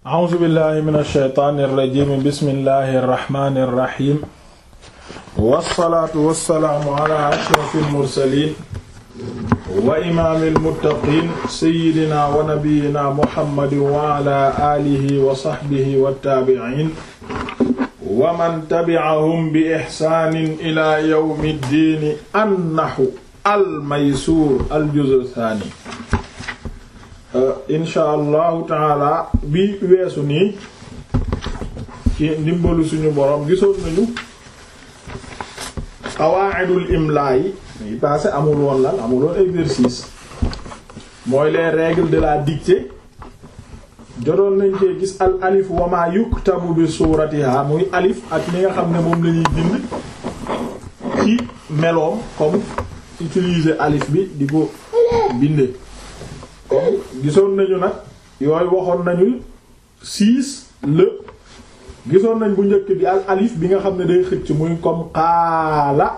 a'uuzu billahi min alsheytaani irrajim bismillahi irrahmani irrahim wassalaatu wassalaamu ala ashraf almursalin wa imaami almuttaqin seyidina wa nabiyina muhammadin wa ala aalihi wa saxbihi wattaabiciin wa man tabi'ahum bi ixsaanin ila yawmi ddiini annahu almaysuur aljuz saani Euh, insha allahu taala bi weesu nii ci ndimbalu suñu borom gisoon nañu qawaa'idul imla yi yi passé amul woon la amul woon exercice mooy les règles de la dictée jotoon nañ cee gis al alif wa ma yuktabu bi suratiha muy alif ak li nga xam ne moom lañuy ñuy bind ci meloom comme utiliser alif bi di ko bindee comme gisoon nañu nag yooyu waxoon nañu six la gisoon nañ bu njëkk bi al alif bi nga xam ne day xëcc muy comme xaala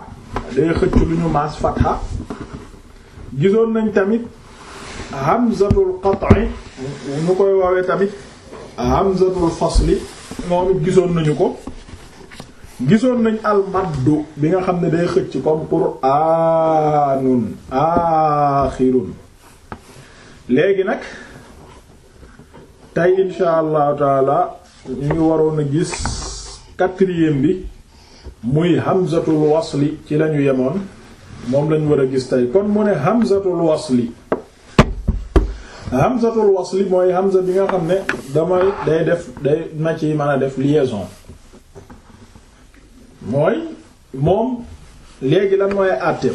day xëcc lu ñu maas fatha gisoon nañ tamit hamzatul qat'i ñu koy woowee tamit hamzatul fasli moom it gisoon nañu ko gisoon nañ al maddu bi nga xam ne day xëcc comme qur'anun aaxirun léegi nag tey insha allahu taala ñu ngi waroon a gis quatrième bi muy hamzatul wasli ci lañu yemoon moom lañu war a gis tey kon mu ne hamzatul wasli hamzatul wasli mooy hamza bi nga xam ne dama day def day na ci mën a def liaison mooy moom léegi lan mooy àtteem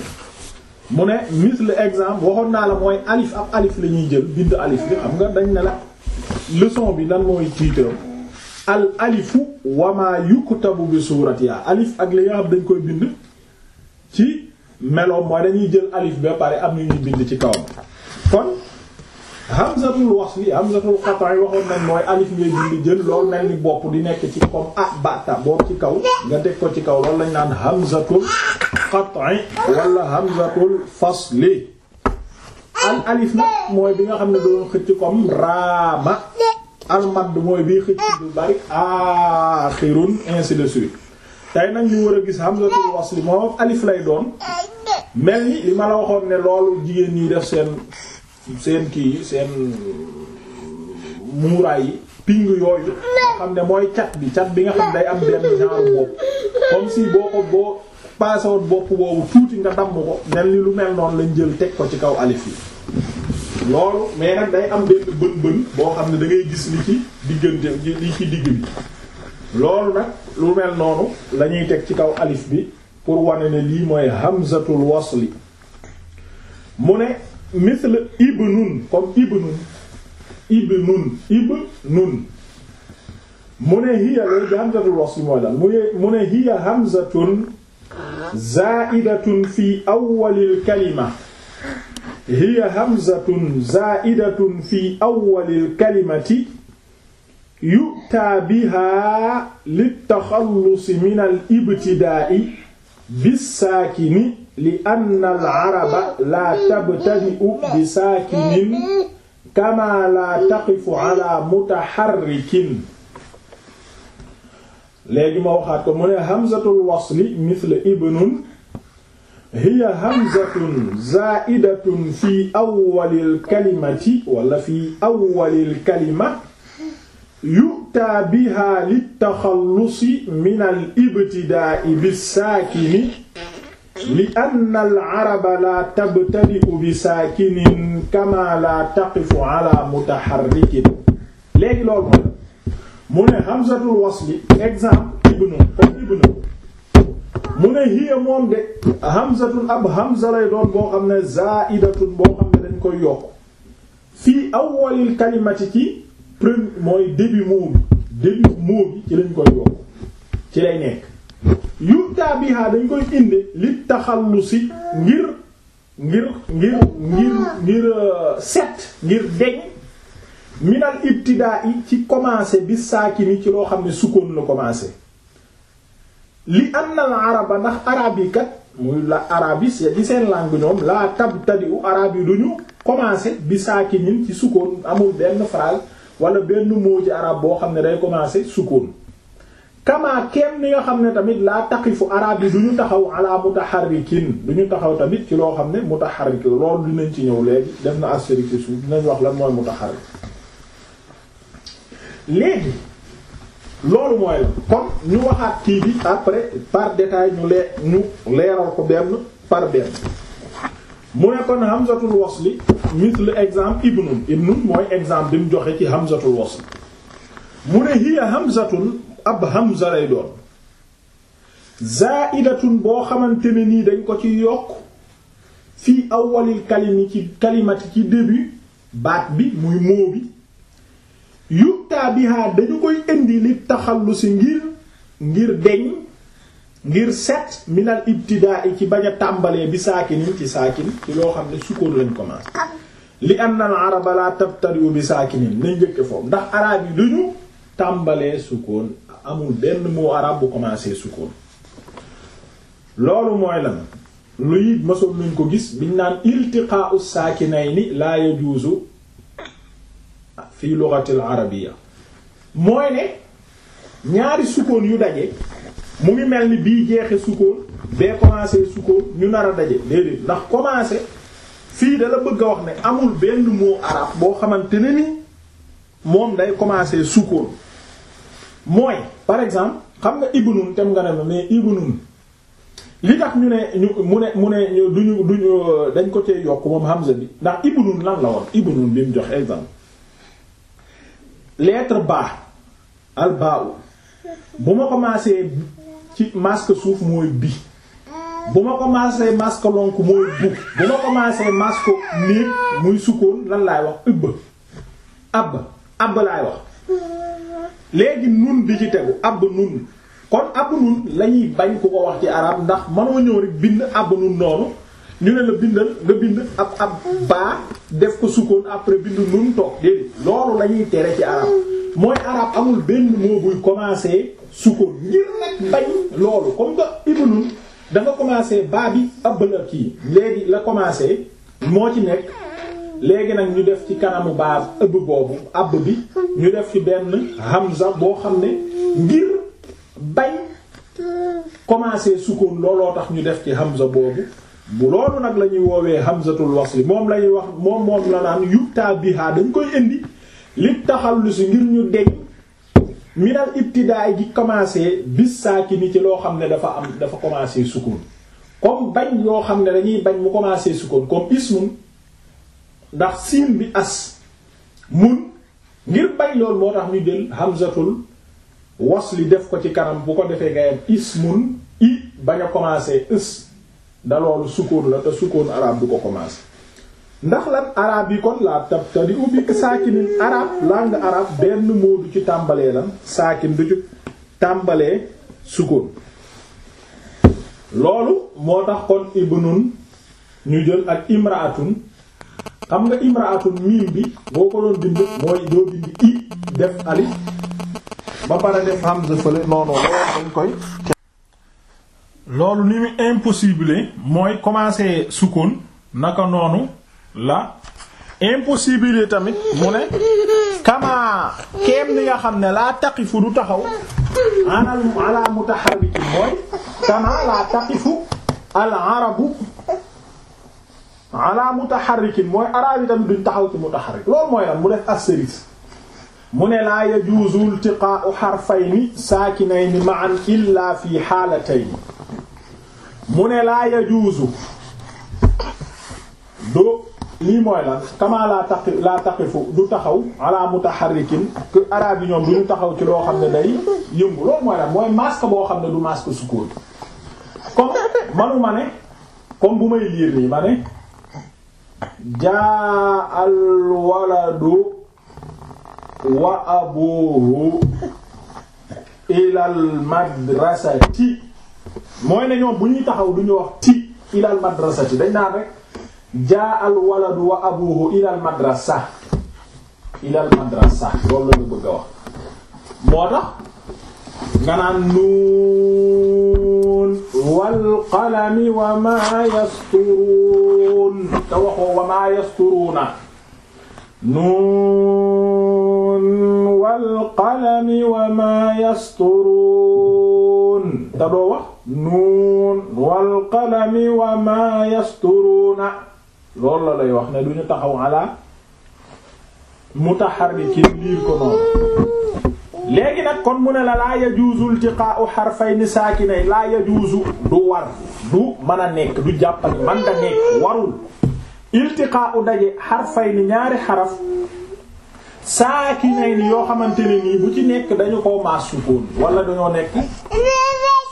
mu ne misle exemple waxoon naa la mooy alif ak alif la ñuy jël bind alif bi xam nga dañ ne la leçon bi lan mooy tiitram al alifu wama yuktabu bi suratiha alif ak li nga xam dañ koy bind ci melo mooy dañuy jël alif ba pare am na ñuy bind ci kawam kon hamzatul wasli hamzatul qat'i waxoon nañ mooy alif ngay dindi jël loolu mel ni bopp di nekk ci comme ah bata boobu ci kaw nga teg ko ci kaw loolu lañ naan hamzatul qat'i wala hamzatul fasli al alif nag mooy bi nga xam ne doon xëcc comme raama al madd mooy bii xëcc du bari aaxirun ainsi de suite tey nag ñu war a gis hamzatul wasli moom alif lay doon mel ni li ma la waxoon ne loolu jigéen ñi def seen seen kii yi seen muuraay yi ping yooyu nga xam ne mooy cat bi cat bi nga xam day am benn genre bopp comme si boo ko boo passé woon bopp boobu tuuti nga damm ko mel ni lu mel noonu lañ jël teg ko ci kaw alif yi mais day am boo xam ne da ngay gis li li ci digg bi lu mel noonu la ñuy teg ci kaw alif bi pour wane ne lii mooy hamzatul wasli mu ne misla ibnun comme ibnun ibnun ibnun mu ne hiya loolu bi hamzatul wasl mooy lan mu ne hiya hamzatun za'idatun fi awwalil kalima hiya hamzatun za'idatun fi awwalil kalimati yu'ta biha lit taxallusi min al ibtidaa'i bisaakini li anna al araba la tabtadi'u bisaakinin kama la taqifu ala mutaharrikin léegi ma waxaat ko mu ne hamzatul wasli mithl ibnun hiya hamzatun zaa'idatun fi awwalil kalimati wala fi awwalil kalima yu'taa bihaa littaxallusi min al ibtidaa'i bisaakini li anna al araba laa tabtadi'u bisaakinin kamaa laa taqifu ala mutaharrikin léegi loolu mooy mu ne hamzatul wasli exemple ibnu comme ibnu mu ne hiya moom de hamzatul ab hamza lay doon boo xam ne zaa'idatun boo xam ne dañ koy yokk fii awwalil kalimati ci premier mooy début moo bi début moo bi ci lañ koy yokk ci lay nekk yutta biha dañ koy indi li taxallusi ngir ngir ngir ngir ngir euh, set ngir deñ minal ibtidaa yi ci commencé bi saaki ni ci loo xam ne sukkoon la commencé li am na la ba ndax arab yi kat muy la arab yi seen langue ñoom laa tab tadi u arab yi du ñu commencé bi saaki nin ci sukkoon amul benn phrase wala benn mot ci boo xam ne day commencer sukun kama kenn ni nga xam ne tamit laa taqifu arab yi du ñu taxaw ala mutaharrikin du ñu taxaw tamit ci loo xam ne mutaharrik la loolu dinañ ci ñëw léegi def na astérisque ci suuf dinañ wax lan mooy mutaharrik léegi loolu mooy la ñu waxaat kii bi après par détail ñu lee ñu leeral ko benn par benn mu ne kon hamzatul wasli misle exemple ibnun ibnun mooy exemple bi joxe ci hamzatul wasli mu ne hiya hamzatun ab hamza lay doon zaidatun boo xamante ne nii dañ ko ci yokk fi awwalil kalimi ci kalimati ci début baat bi muy moo bi yuttaa bihaa dañu koy indi li taxallusi ngir ngir deñ ngir set minal ibtidaa ci bañ a tàmbalee bi saakinin ci saakin ci loo xam ne sukkoon lañ commencé li am al araba la tabtadi'u bi saakinin nañ njëkke foofu ndax arab yi duñu tàmbalee sukkoon amul benn mot arab bu commencé sukkoon loolu mooy lan luy masoon nañ ko gis biñ naan iltiqa'u saakinayni la yajuzu fi lughati al mooy ne ñaari sukkoon yu daje mu ngi mel ni bii jeexe sukkoon bee commencé sukkoon ñu nar a daje déedéet ndax commencé fii dala bëgg a wax ne amul benn mot arabe boo xamante ne ni moom day commencé sukkoon mooy par exemple xam nga ibnun tem nga ne mais ibnun li tax ñu ne ñu mu ne mu ne duñu duñu dañ ko cee yokk moom Hamza bi ndax ibnun lan la woon ibnun bi mu jox exemple lettre ba al ba bu ma commencé ci masque suuf mooy bi bu ma ko masé masque lonk mooy bu bu ma ko masé masque néeg muy sukkoon lan laay wax ëbb ab ab laay wax léegi nun bi ci tegu ab nun kon ab nun lañuy bañ ku ko wax ci arab ndax mënoo ñëw rek bind ab nun noonu ñu ne la bindal nga bind ab ab baa def ko sukkoon après bind nun toog déedéet loolu lañuy tere ci arab mooy arab amul benn moo buy commencer sukkoon ngir nag bañ loolu comme que ibnun dafa commencer baa bi abla kii léegi la commencer moo ci nekk léegi nag ñu def ci kanamu baa ëbb boobu abb bi ñu def ci benn hamza boo xam ne ngir bañ commencer sukkoon looloo tax ñu def ci hamza boobu bu loolu nag la ñuy woowee hamzatul wasli moom lañuy wax moom moom la naan yutta biha dañ koy indi li taxallus ngir ñu deñ minal ibtidaay gi commencé bis saaki ni ci loo xam ne dafa am dafa commencé sukkoon comme bañ yoo xam ne dañuy bañ mu commencé sukkoon comme ismun ndax siin bi as mun ngir bañ loolu moo tax ñu jël hamzatul li def ko ci kanam bu ko defee ngay am ismun i bañ a commencé ës da loolu sukkoon la te sukkoon arab du ko commencé ndax lan arab yi kon laa tab tadi ubbi saakinin arab langue arab benn moo ci tàmbalee la saakin du ci tàmbalee sukkoon loolu moo tax kon ibnun ñu jël ak imraatun xam nga imraatun miim bi boo ko doon bind mooy doo bind i def alif ba pare def hamza fële noonu loolu ni mu impossible mooy commencer sukkoon naka noonu la impossibilité tamit mu ne ni nga xam ne laa taqifu du taxaw anal ala mutaharrikin mooy kama laa taqifu al arabu ala mutaharrikin mooy arab yi taxaw ci mutaharrik loolu mooy lan mu fi haalatayni mu ne laa lii mooy lan kama laa taqi laa taqifu du taxaw ala mutaharrikin que arabe ñoom du taxaw ci loo xam ne day yëngu loolu mooy lan mooy masque boo xam ne du masque sukkoon comme manu ma ne comme bu may liir nii ma ne jaa al waladu wa abuhu ilal madrasati mooy ne ñoom bu ñuy taxaw du ñu wax ti ilal madrasati dañ naan rek jaa al waladu wa abuhu ilal madrasa ilal madrasa loolu la ñu bëgg a wax moo tax nga naan nuun wal qalami wa maa yasturuun te waxoo wa maa yasturuuna nuun wal qalami wa maa yasturuun te doo wax nuun wal qalami wa maa yasturuuna loolu la lay wax ne du ñu taxaw ala mutaharrikin liir ko noonu léegi nag kon mu ne la laa yajuuzu iltiqaa'u harfayni saakinayn laa yajuuzu du war du mën a nekk du jàppale man da nekk warul iltiqaa'u daje ni ñaari xaraf saakinayn yoo xamante ni nii bu ci nekk dañu ko maas sukkoon wala dañoo nekk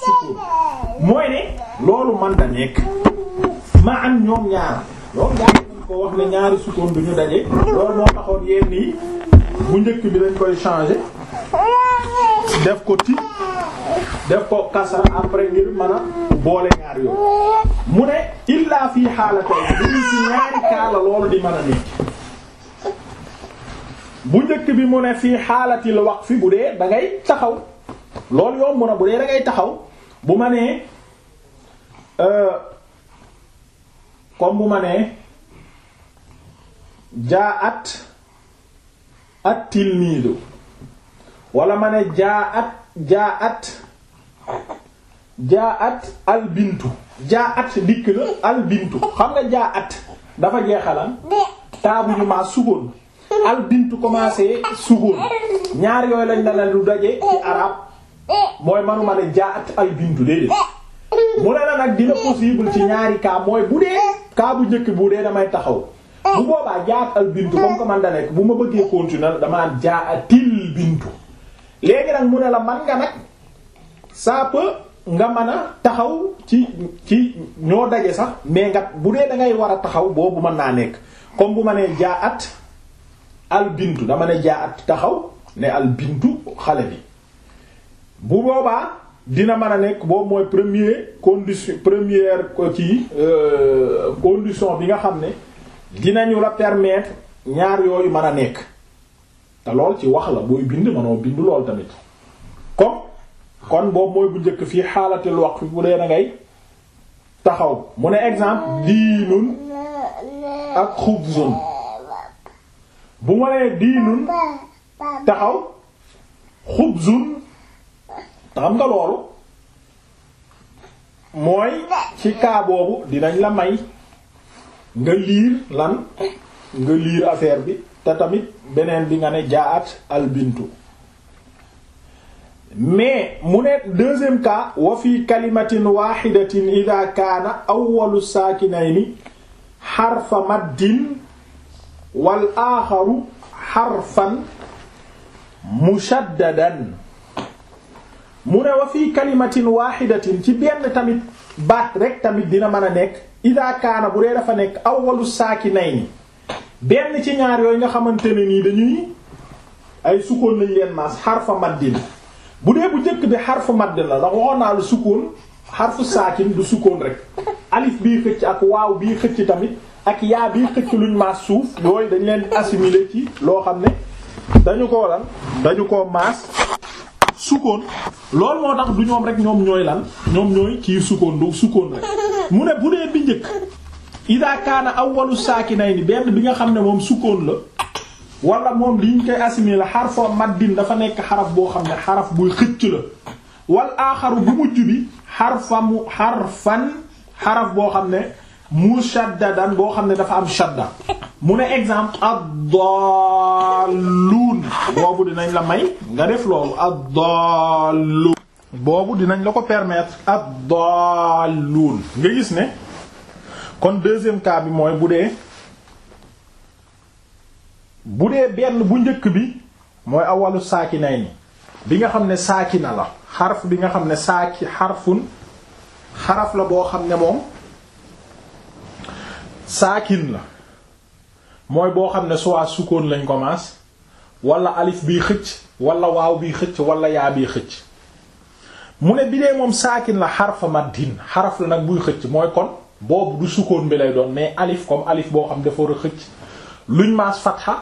sukkoon mooy ne loolu man da nekk ma am ñoom ñaar donc daal ko wax ne ñaari sukkoon du ñu daje loolu moo taxoon yenn yi bu njëkk bi dañ koy changer def ko ti def ko kasra après ngir mën a boole ñaar yooyu mu ne illaa fi xaalatay bu ñu ci ñaari kaala loolu di mën a nekk bu njëkk bi mu ne fii xaalatil waqf fi bu dee da ngay taxaw loolu yoon mu ne bu dee da taxaw bu ma nee. Euh, comme bu ma jaa at at tilmiidu wala ma ne jaa at jaa at jaa at albintu jaa at dikk na albintu xam nga jaa at dafa jeexalan taabu ñu maa sugoon albintu commencé sugoon ñaar yooyu lañ la lu daje ci arab mooy manuma ne jaa at albintu déedéet mu ne la nag dina possible ci ñaari cas mooy bu dee cas jëkk bu dee damay taxaw bu boobaa jaa al bintu comme que man da nekk bu ma bëggee continuer damaa jaa atil bintu léegi nag mu ne la man nga nag nga mën a taxaw ci ci ñoo daje sax mais nga bu dee da ngay a taxaw boobu mën naa nekk comme bu ma jaa at al bintu dama ne jaa at taxaw ne al bintu xale bi bu boobaa. dina mën a nekk boobu mooy premier condition première euh, ko ci euh, condition bi nga xam ne dinañu la permettre ñaar yooyu man a nekk te lool ci wax la booy bind mënoo bind lool tamit comme kon boobu mooy bu njëkk fii xaalatil waqf bu dee na ngay taxaw mu ne exemple diinun ak xubzun bu ma nee diinun taxaw xubzun xam nga loolu mooy ci cas boobu dinañ la may nga liir lan nga liir affaire bi te tamit beneen bi nga ne jaat albintu mais mu ne deuxième cas wa fi kalimatin wahidatin ida kaana awwalu saakinayni xarfa maddin wal aaxaru xarfan mushaddadan mu ne wa fii kalimatin waaxidatin ci benn tamit baat rek tamit dina mën a nekk ida bu dee dafa nekk awwalu saakinayni benn ci ñaar yooyu nga xamante ne nii dañuy ay sukkoon lañ leen maas xarfa maddin bu dee bu njëkk bi xarfa maddin la ndax waxoon naa sukkoon xarfu saakin du sukkoon rek alif bii xëcc ak waaw bii xëcc tamit ak yaa bii xëcc luñ maas suuf yooyu dañ leen assimiler ci loo xam ne dañu ko lan dañu ko maas sukkoon loolu moo tax du ñoom rek ñoom ñooy lan ñoom ñooy kiir sukkoon du sukkoon rek mu ne bu dee bi njëkk ida kaana awwalu saakinayni benn bi nga xam ne moom sukkoon la wala moom li ñu koy assimilé la xarfoo maddin dafa nekk xaraf boo xam ne xaraf buy xëcc la wal aaxaru bu mujj bi xarfamu xarfan xaraf boo xam ne mushaddadan boo xam ne dafa am shadda mu ne exemple ad-dallun boobu dinañ la may nga def loolu ad-dallun boobu dinañ la ko permettre ad-dallun nga gis ne kon deuxième cas bi mooy bu dee bu dee benn bu njëkk bi mooy awalu saakinay ni bi nga xam ne na la xarf bi nga xam ne saaki xarfun xaraf la boo xam ne moom saakin la mooy boo xam ne soit sukkoon lañ commence wala alif bii xëcc walla waaw bii xëcc wala yaa bii xëcc mu ne bi dee moom saakin la xarfa maddin xaraf la nag buy xëcc mooy kon boobu du sukkoon bi lay doon mais alif comme boo xam dafa war a xëcc luñ maas fatxa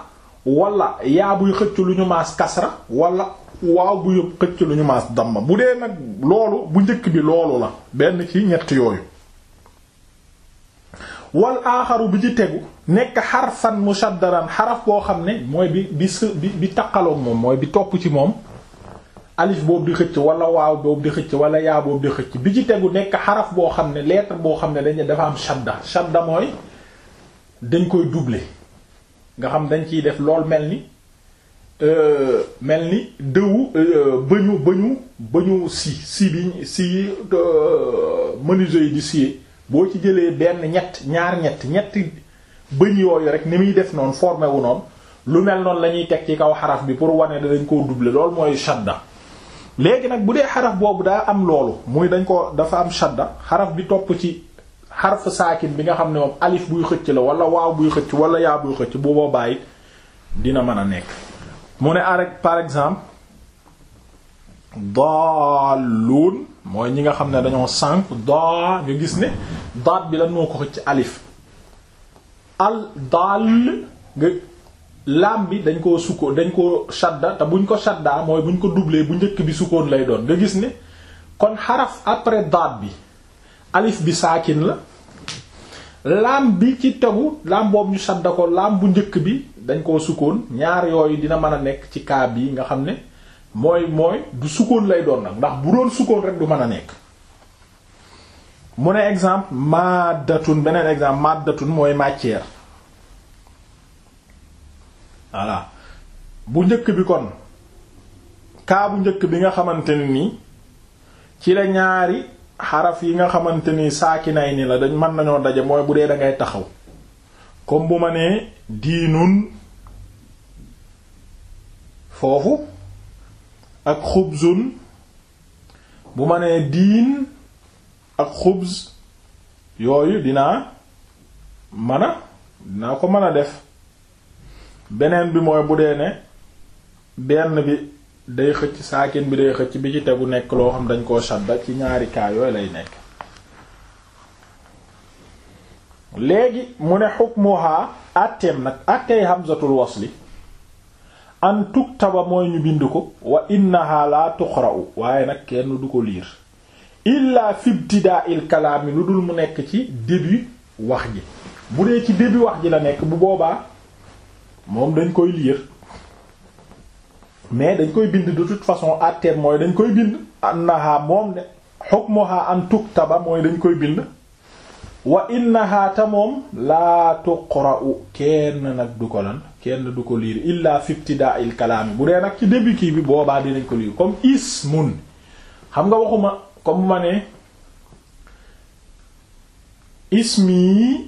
walla yaa buy xëcc lu ñu maas kasra wala waaw bu buy xëcc lu ñu maas damma bu dee nag loolu bu njëkk bi loolu la benn ci ñett yooyu wal aaxaru bi ci tegu nekk fan xarfan mushaddaran xaraf boo xam ne mooy bi bi bi bi taqaloog moom mooy bi topp ci moom alif boobu di xëcc wala waaw boobu di xëcc wala yaa boobu di xëcc bi ci tegu nekk xaraf boo xam ne lettre boo xam ne dañ dafa am shadda shadda mooy dañ koy doubler nga xam dañ ciy def lool mel ni euh, mel ni dëwu euh, bëñu bëñu bëñu si si bi si euh, menuisier yi di sie boo ci jëlee benn ñett ñaar ñett ñetti bëñ yooyu rek ni muy def noonu formé wu noonu lu mel noonu la ñuy teg ci kaw xaraf bi pour wane dañ koo doubler loolu mooy shadda léegi nag bu dee xaraf boobu daa am loolu muy dañ ko dafa am shadda xaraf bi topp ci xarf saakin bi nga xam ne moom alif buy xëcc la wala waaw buy xëcc wala yaa buy xëcc bu boobaa it dina mën a nekk mu ne arek par exemple daalluun mooy ñi nga xam ne dañoo sànq daa nga gis ne daat bi lan moo ko xëcc alif al daal nga laam bi dañ koo sukkoon dañ koo shadda te buñ ko shaddaa mooy buñ ko doublé bu njëkk bi sukkoon lay doon nga gis ne kon xaraf après daat bi alif bi saakin la laam bi ci tegu laam boobu ñu shadda ko laam bu njëkk bi dañ koo sukkoon ñaar yooyu dina mën a nekk ci kaa yi nga xam ne mooy mooy du sukkoon lay doon nag ndax bu doon sukkoon rek du mën a nekk mu ne exemple maddatun beneen exemple maddatun mooy matière voilà bu njëkk bi kon kaa njëkk bi nga xamante ni nii ci la ñaari xaraf yi nga xamante ni saakinay ni la dañ mën nañoo daje mooy bu dee da ngay taxaw comme bu ma nee diinun foofu ak xubzun bu ma nee diin ak xubz yooyu dinaa mën dinaa ko mën a def beneen bi mooy bu dee ne benn bi day xëcc saakin bi day xëcc bi ci tegu nekk loo xam dañ koo shadda ci ñaari kaa yooyu lay nekk léegi mu ne xukmuha àtteem nag àttey hamzatul wasli an tuktaba mooy ñu bind ko wa innaha la tuqra'u waaye nag kenn du ko liir illa fi ibtidaa'il kalaami lu dul mu nekk ci début wax ji bu dee ci début wax ji la nekk bu boobaa moom dañ koy liir mais dañ koy bind de toute façon àtteem mooy dañ koy bind annaha moom ne hukmuha an tuktaba mooy dañ koy bind wa innaha ta moom laa tuqra'u kenn nag du ko lan kenn du ko liir illa fibtidaa il kalaami bu dee nag ci début kii bi boobaa dinañ ko liir comme ismun xam nga waxuma comme ma ne ismi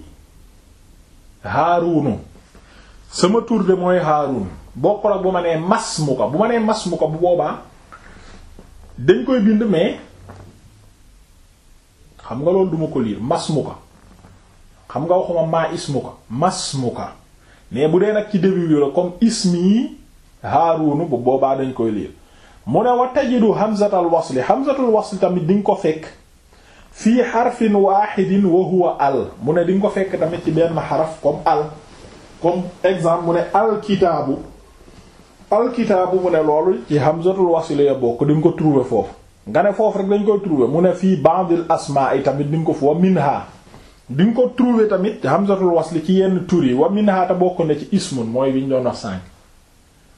haarunu sama tur de mooy haarun bokkul mu ko bu ma nee mas bu boobaa dañ koy bind mais xam nga loolu duma ko liir mas xam nga waxuma maa ismu ko mas mu mais bu dee nag ci début bi la comme ismi haarunu bu boobaa dañ koy liir mu ne wa tajidu hamzatal wasli hamzatul wasli tamit di nga ko fekk fii xarfin waaxidin wa huwa al mu ne di ko fekk tamit ci benn xaraf comme al comme exemple mu ne alkitaabu alkitaabu mu ne loolu ci hamzatul wasli ya bokk di ko trouver foofu nga ne foofu rek dañ koy trouver mu ne fii bandil asmaa yi tamit di nga ko foofu minha di nga ko trouver tamit hamzatul wasli ci yenn tur yi wa minha ta bokk na ci ismun mooy bi ñu doon wax sànq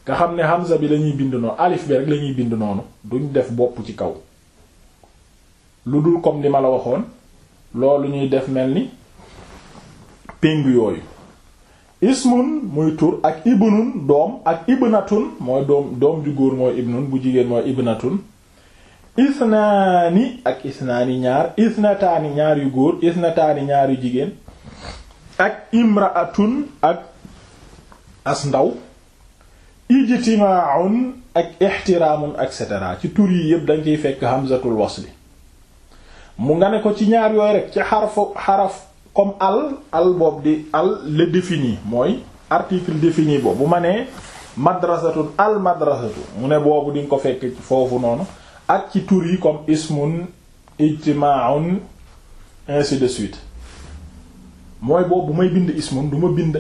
nga xam ne hamza bi lañuy bind noonu alif bi rek bind noonu duñ def bopp ci kaw lu dul comme li ma la waxoon loolu ñuy def mel ni ping yooyu ismun muy tur ak ibnun doom ak ibnatun mooy doom doom ju góor mooy ibnun bu jigéen mooy ibnatun isnaani ak isnaani ñaar isnataani ñaar yu góor isnataani ñaar yu jigéen ak imraatun ak as ndaw ijtimaaun ak ixtiraamun et cetera ci tur yi yëpp dañ ciy fekk hamzatul bi mu nga ne ko ci ñaar yooyu rek ci xarfu xaraf comme al al boobu di al le défini mooy article défini boobu bu ma nee madrasatun al madrasatu mu ne boobu di nga ko fekk foofu noonu ak ci tur yi comme ismun ijma'un ainsi de suite mooy boobu may bind ismun du ma bind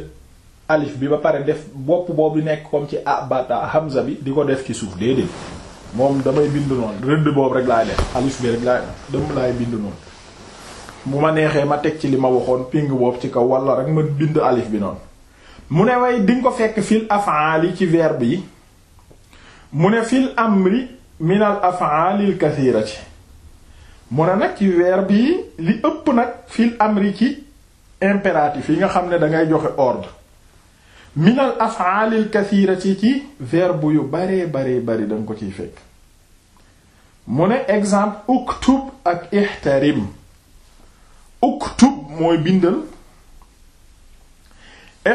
alif bi ba pare def bopp boobu nekk comme ci abata hamza bi di ko def ci suuf déedéet moom damay bind noonu rëdd boobu rek laay def alif bi rek laay dem laay bind noonu bu ma neexee ma teg ci li ma waxoon ping boobu ci kaw wala rek ma bind alif bi noonu mu ne way di nga ko fekk fil af'ali ci verbe yi mu ne fil amri minal af'alil kathirati mu ne nag ci weer bii li ëpp nag fil amri ci impératif yi nga xam ne dangay joxe ordre minal af'alil kathirati ci verbe yu baree baree bari danga ko ciy fekk mu ne exemple uktub ak ihtarim uktub mooy bindal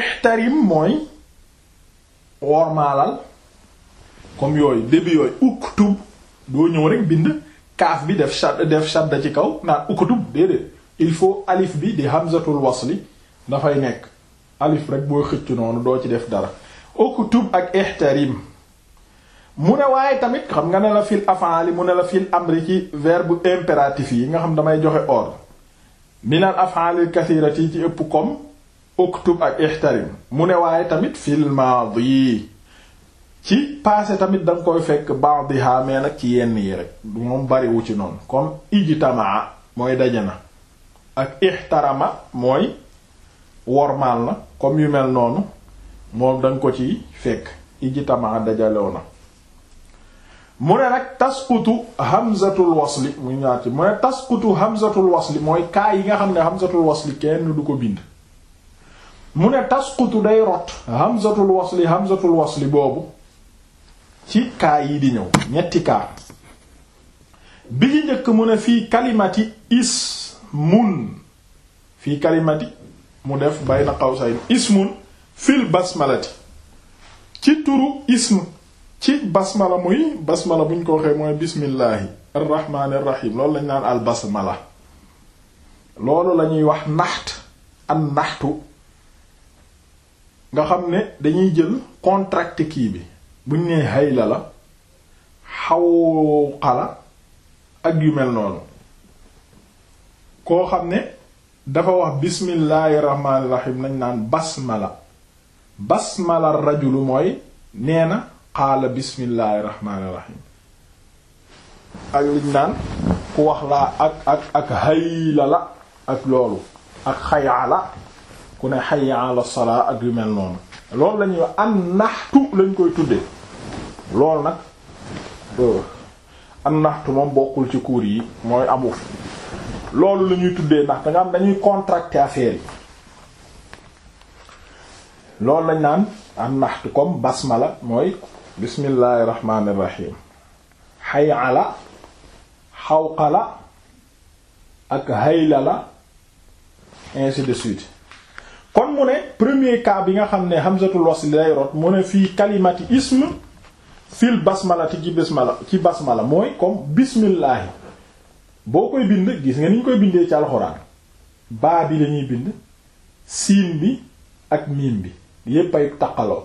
ihtarim mooy wormaalal comme yooyu début yooyu uktub doo ñëw rek bind kaaf bi def shad def shadda ci kaw naan uktub déedéet il faut alif bi di hamzatul wasli dafay nekk alif rek boo xëcc noonu doo ci def dara uktub ak ihtarim mu ne waaye tamit xam nga ne la fil afaali mu ne la fil amri ci verbe impératif yi nga xam damay joxe ordre minal afaalil kathirati ci ëpp comme uktub ak ihtarim mu ne waaye tamit fil maadi ci passé tamit da nga koy fekk ba'daha mais nag ci yenn yi rek moom bariwu ci noonu comme ijtamaa mooy daje na ak ihtarama mooy wormaal na comme yu mel noonu moom da ko ci fekk ijtamaa dajalew na mu ne nag tasqutu hamzatul wasli mu ñaar ci mu ne tasqutu hamzatul wasli mooy kaa yi nga xam ne hamzatul wasli kenn du ko bind mu ne tasqutu day rot hamzatul wasli hamzatul wasli boobu ci kaa yi di ñëw ñetti kaa bi ñu njëkk mu ne fii kalimati ismun fii kalimati mu def bayna qawsayn ismun fil basmalati ci turu ism ci basmala muy basmala buñ ko waxee mooy bismillahi arrahmani arrahim loolu lañ naan al basmala loolu la ñuy wax naxt an naxtu nga xam ne dañuy jël contracte kii bi buñ nee hayla la xawqa la ak yu mel noonu koo xam ne dafa wax bismillahi rahmaani rahim nañ naan basmala basmala rajulu mooy nee na qaala bismillahi rahmaani rahim ak liñ naan ku wax laa ak ak ak hayla la ak loolu ak xayaa la ku ne xayaa la salaa ak yu mel noonu loolu lañuy ñuy wax an naxtu lañ koy tuddee loolu nag euh, an naxtu moom bokkul ci cours yi mooy amu fi loolu la ñuy tuddee ndax da am dañuy contracté affaire yi loolu lañ naan an naxtu comme basmala mooy bismillahir rahmanir rahim xay ala xawqala ak haylala ainsi de suite kon mu ne premier cas bi nga xam ne hamzatul wasl lay rot mu ne fii kalimati ism fil basmalati ci bismala ci basmala mooy comme bismillaahi boo koy bind gis nga ni ñu koy bindee ci alxuraan baa bi bind siin bi ak miim bi yépp ay taqaloo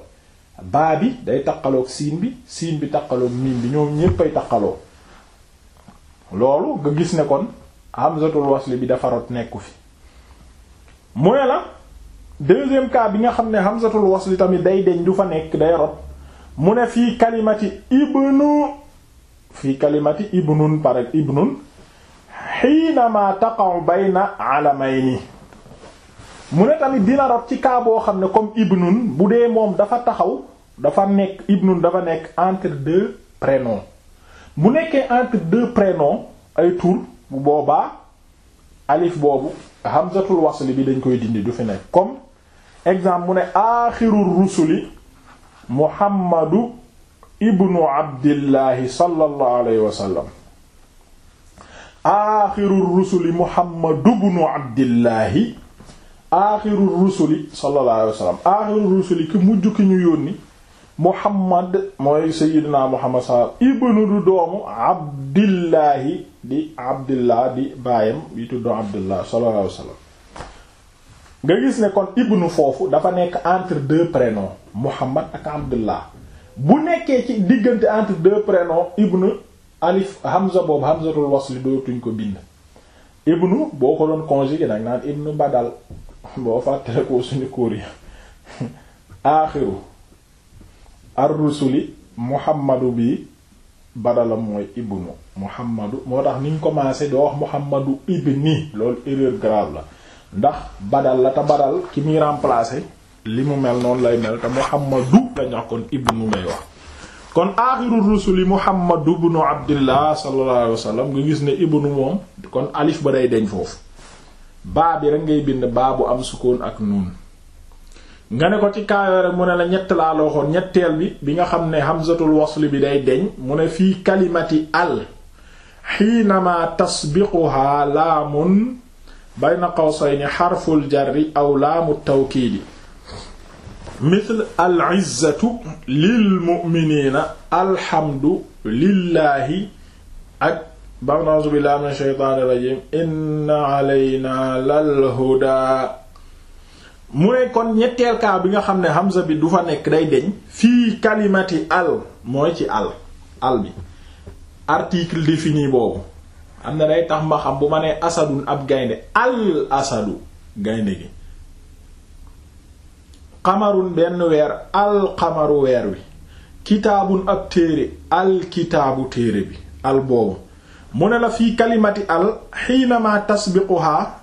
baa bi day taqaloog siin bi siin bi taqaloog miim bi ñoom ñépp ay taqaloo loolu nga gis ne kon hamzatul wasl bi dafa rot nekku fi mu ne la deuxième cas bi nga xam ne hamzatul wasli tamit day deñ du fa nekk day rot mu ne fii kalimati ibnu fii kalimati ibnun par ibnun xiinama na bayna alamayni mu ne tamit dina rot ci cas boo xam ne comme ibnun bu dee moom dafa taxaw dafa nekk ibnun dafa nekk entre deux prénoms bu nekkee entre deux prénoms ay tur bu boobaa alif boobu hamzatul wasli bi dañ koy dindi du fi nekk comme exemple mu ne aaxiru rusuli muhammadu ibnu abdillahi sallallahu alayhi wa sallam rusuli muhammadu ibnu abdillahi aaxiru rusuli sallallahu alayhi wa sallam rusuli ki mujj ki ñu yónni muhammad mooy sayyidina muhammad sa ibnu du doomu abdillahi di abdillah di baayam yi tuddoo abdillah sallallahu alayhi nga gis ne kon ibnu foofu dafa nekk entre deux prénoms Muhammad ak Abdullah bu nekkee ci diggante entre deux prénoms ibnu alif Hamza boobu Hamzatul wasli dootuñ ko bind ibnu boo ko doon conjuguer nag naan ibnu badal boo fàttale ko suñu kóor yi aaxiru ar-rusuli muhammadu bi badala mooy ibnu muhammadu moo tax niñ commencé doo wax muhammadu ibni loolu erreur grave la ndax badal la te badal ki muy remplacer li mu mel noonu lay mel te muhammadu la ñax kon ibnu ngay wax kon aaxiru rusuli muhammadu ibnu abdillah sallallahu alayhi wasallam nga gis ne ibnu moom kon alif ba day deñ foofu baa bi rek ngay bind baa bu am sukkoon ak nuun nga ne ko ci kaayoo rek mu ne la ñett laa la ñetteel bi bi nga xam ne hamzatul wasli bi day deñ mu ne fii kalimati al xiinama tasbiquha laamun bayna qawsayni xarful jarri aw laamu tawkiidi mithl al izzatu lil mu'miniina alhamdu lillaahi ak bam auzu billahi min sheytaani rajim inna alayna lal huda mu ne kon ñetteel kaa bi nga xam ne hamza bi du fa nekk day deñ fii kalimati al mooy ci al al bi article défini boobu am na day tax ma xam bu ma nee asadun ab gaynde al asadu gaynde gi xamarun benn weer al xamaru weer wi kitaabun ab téere al kitaabu téere bi al boobu mu ne la fii kalimati al xiinama tasbiquhaa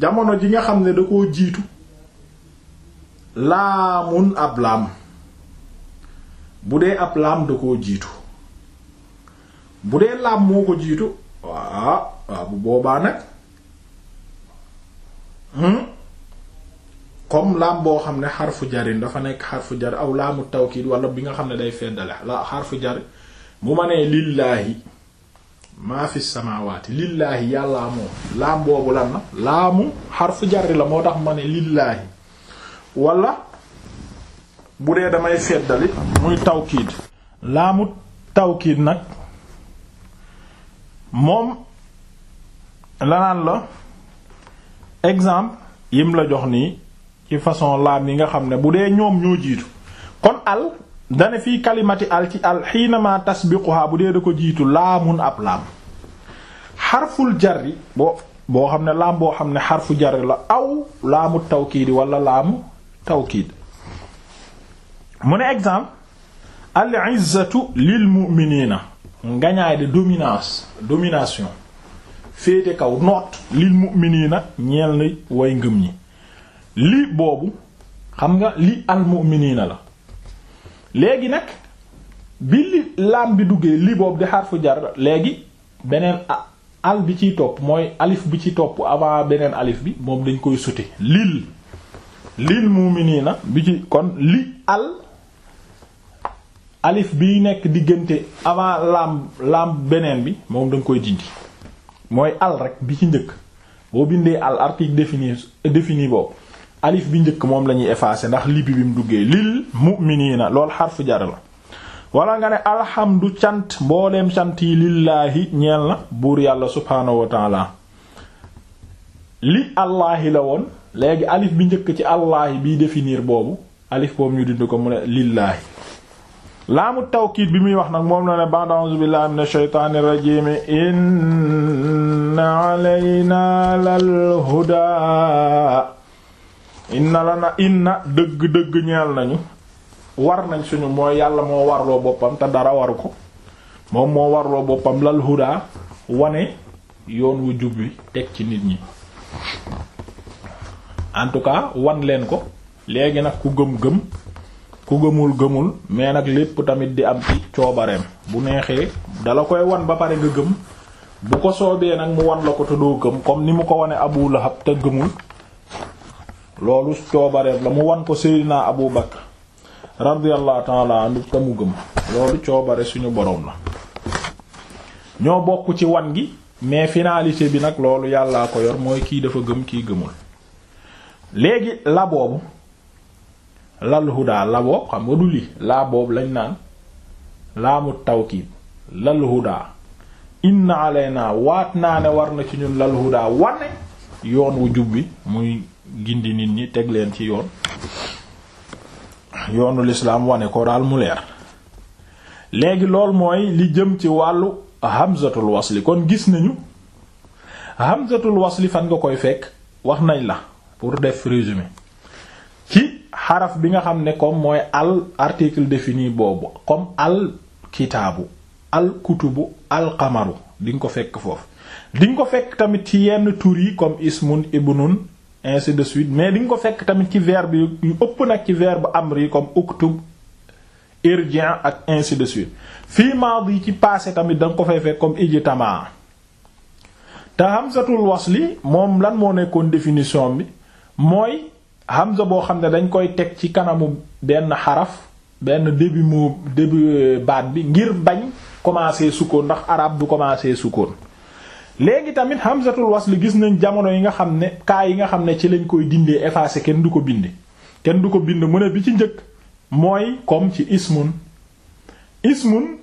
jamono ji nga xam ne da koo jiitu laamun ab laam bu dee ab laam da koo jiitu bu dee laam moo ko jiitu waaw bu boobaa nag hmm? comme laam boo xam ne xarfu jarin dafa nekk xarfu jar aw laamu tawkiid wala bi nga xam ne day feddale la xarfu jar mu ma nee lillaahi maa fi samaawaati lillaahi yàllaa moom laam boobu lan laamu xarfu jari la moo tax ma ne lillaahi walla bu dee damay feddali muy tawkiid laamu tawkiid nag moom lanaan la exemple yim la jox nii ci façon laam yi nga xam ne bu dee ñoom ñoo jiitu kon al dane fii kalimati al ci al xiinama tasbiquha bu dee da ko jiitu laamun ab laam xarful jarri boo boo xam ne laam boo xam ne xarfu jarri la aw laamu tawkiidi walla laamu tawkiid mu ne exemple al izzatu lil mu'minina ngañaay de dominance domination féete kaw noot lil mu'minina ñeel na way ngëm ñi lii boobu xam nga li al mu'minina la léegi nag bi li laam bi duggee li boobu di xarfu jar léegi beneen al bi ciy topp mooy alif bi ci topp avant beneen alif bi moom dañ koy suti lil lil mu'minina bi ci kon li al alif bi nekk diggante avant laam laam beneen bi moom da koy dindi mooy al rek bi ci njëkk boo bindee al article défini défini bi njëkk moom la ñuy effacer ndax libi bi mu duggee lil mu'minina lool jar la wala nga ne alhamdu cant mbooleem cant yi lillaahi ñeel buur yàlla subhaanahu wa li allaahi la woon léegi alif bi njëkk ci allaahi biy définir boobu alif boobu ñu dindi ko mu ne lillaahi taw tawkiid bi muy wax nag moom la ne ba'da a'uuzu billahi mina shaytaani rajiim inna alaynaa lal hudaa inna na inna dëgg dëgg ñeel nañu war nañ suñu mooy yàlla moo warloo boppam te dara waru ko moom moo warloo boppam lal hudaa wane yoon wu jub wi teg ci nit ñi en tout cas wan leen ko léegi nag ku gëm gëm ku gëmul gëmul mais nag lépp tamit di am ci coobareem bu neexee dala koy wan ba pare nga gëm bu ko soobee nag mu wan la ko te gëm comme ni mu ko wane Abu Lahab te gëmul loolu coobareem la mu wan ko Seydina Abu Bakr radiyallahu ta'ala anhu te mu gëm loolu coobare suñu boroom la ñoo bokk ci wan gi mais finalité bi nag loolu yàllaa ko yor mooy kii dafa gëm kii gëmul léegi la boobu lal hudaa la xam nga du lii laa boobu lañ naan laamu tawkiid lal hudaa inna naa waat naa ne war na ci ñun lal hudaa wane yoon wu jub bi muy gindi nit ñi teg leen ci yoon yoonu lislaam wane ko daal mu leer léegi lool mooy li jëm ci wàllu hamzatul wasli kon gis nañu hamzatul wasli fan nga koy fekk wax nañ la pour def résumé xaraf bi nga xam ne comme mooy al article défini boobu comme al kitaabu al kutubu al qamaru di nga ko fekk foofu di nga ko fekk tamit ci yenn tur yi comme ismun ibnun ainsi de suite mais di nga ko fekk tamit ci verbe yu ëpp nag ci verbe amri comme uktub irjian ak ainsi de suite fii maadi ci passé tamit danga ko fay fekk comme ijtamaa te hamzatul wasli moom lan moo nekkoon définition bi mooy hamza boo xam ne dañ koy teg ci kanamu benn xaraf benn début mu début euh, baat bi ngir bañ commencer sukkoon ndax arab du commencer sukkoon léegi tamit hamzatul wasl gis nañ jamono yi nga xam ne kaa yi nga xam ne ci lañ koy dindee effacer kenn du ko binde kenn du ko bind mu ne bi ci njëkk mooy comme ci ismun ismun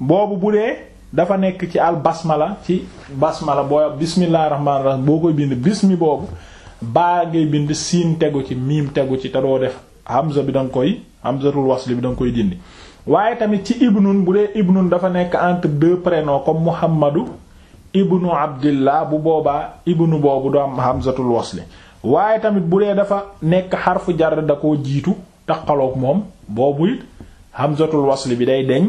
boobu bu dee dafa nekk ci basma la ci basmala booy bismillahir rahmanir rahim boo koy bind bismi boobu baa ngay bind siin tegu ci miim tegu ci te doo def hamza bi da nga koy hamzatul wasli bi da koy dindi waaye tamit ci ibnun bu dee ibnun dafa nekk entre deux prénoms comme muhammadu ibnu abdillah bu boobaa ibnu boobu du am hamzatul wasli waaye tamit bu dee dafa nekk xarfu jar da ko jiitu taqaloog moom boobu it hamzatul wasli bi day deñ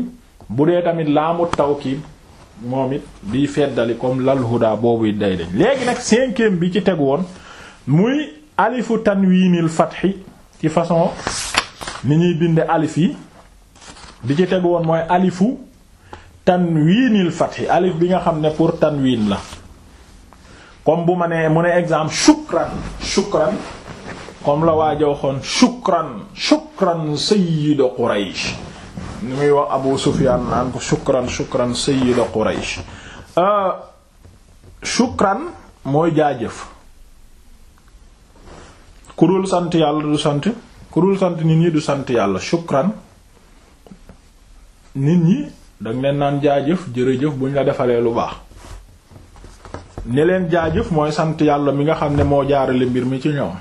bu dee tamit laamu tawkiid moom it biy feddali comme lal huda boobu it day deñ léegi nag cinquième bi ci tegu woon muy alifu tanwiinil fatxi ci façon ni ñuy binde alif yi bi ci tegu woon mooy alifu tanwiinil fatxi alif bi nga xam ne pour tanwiin la comme bu ma nee mu ne exemple shukran shukran comme la waaja waxoon shukran shukran sayyidu quraysh ni muy wax abu sufyaan naan ko shukran shukran sayyidu quraysh euh, shukran mooy jaajëf ku dul sant yàlla du sant ku dul sant nit ñi du sant yàlla shukran nit ñi danga leen naan jaajëf jërëjëf bu ñu la defalee lu baax ne leen jaajëf mooy sant yàlla mi nga xam ne moo jaarale mbir mi ci ñoom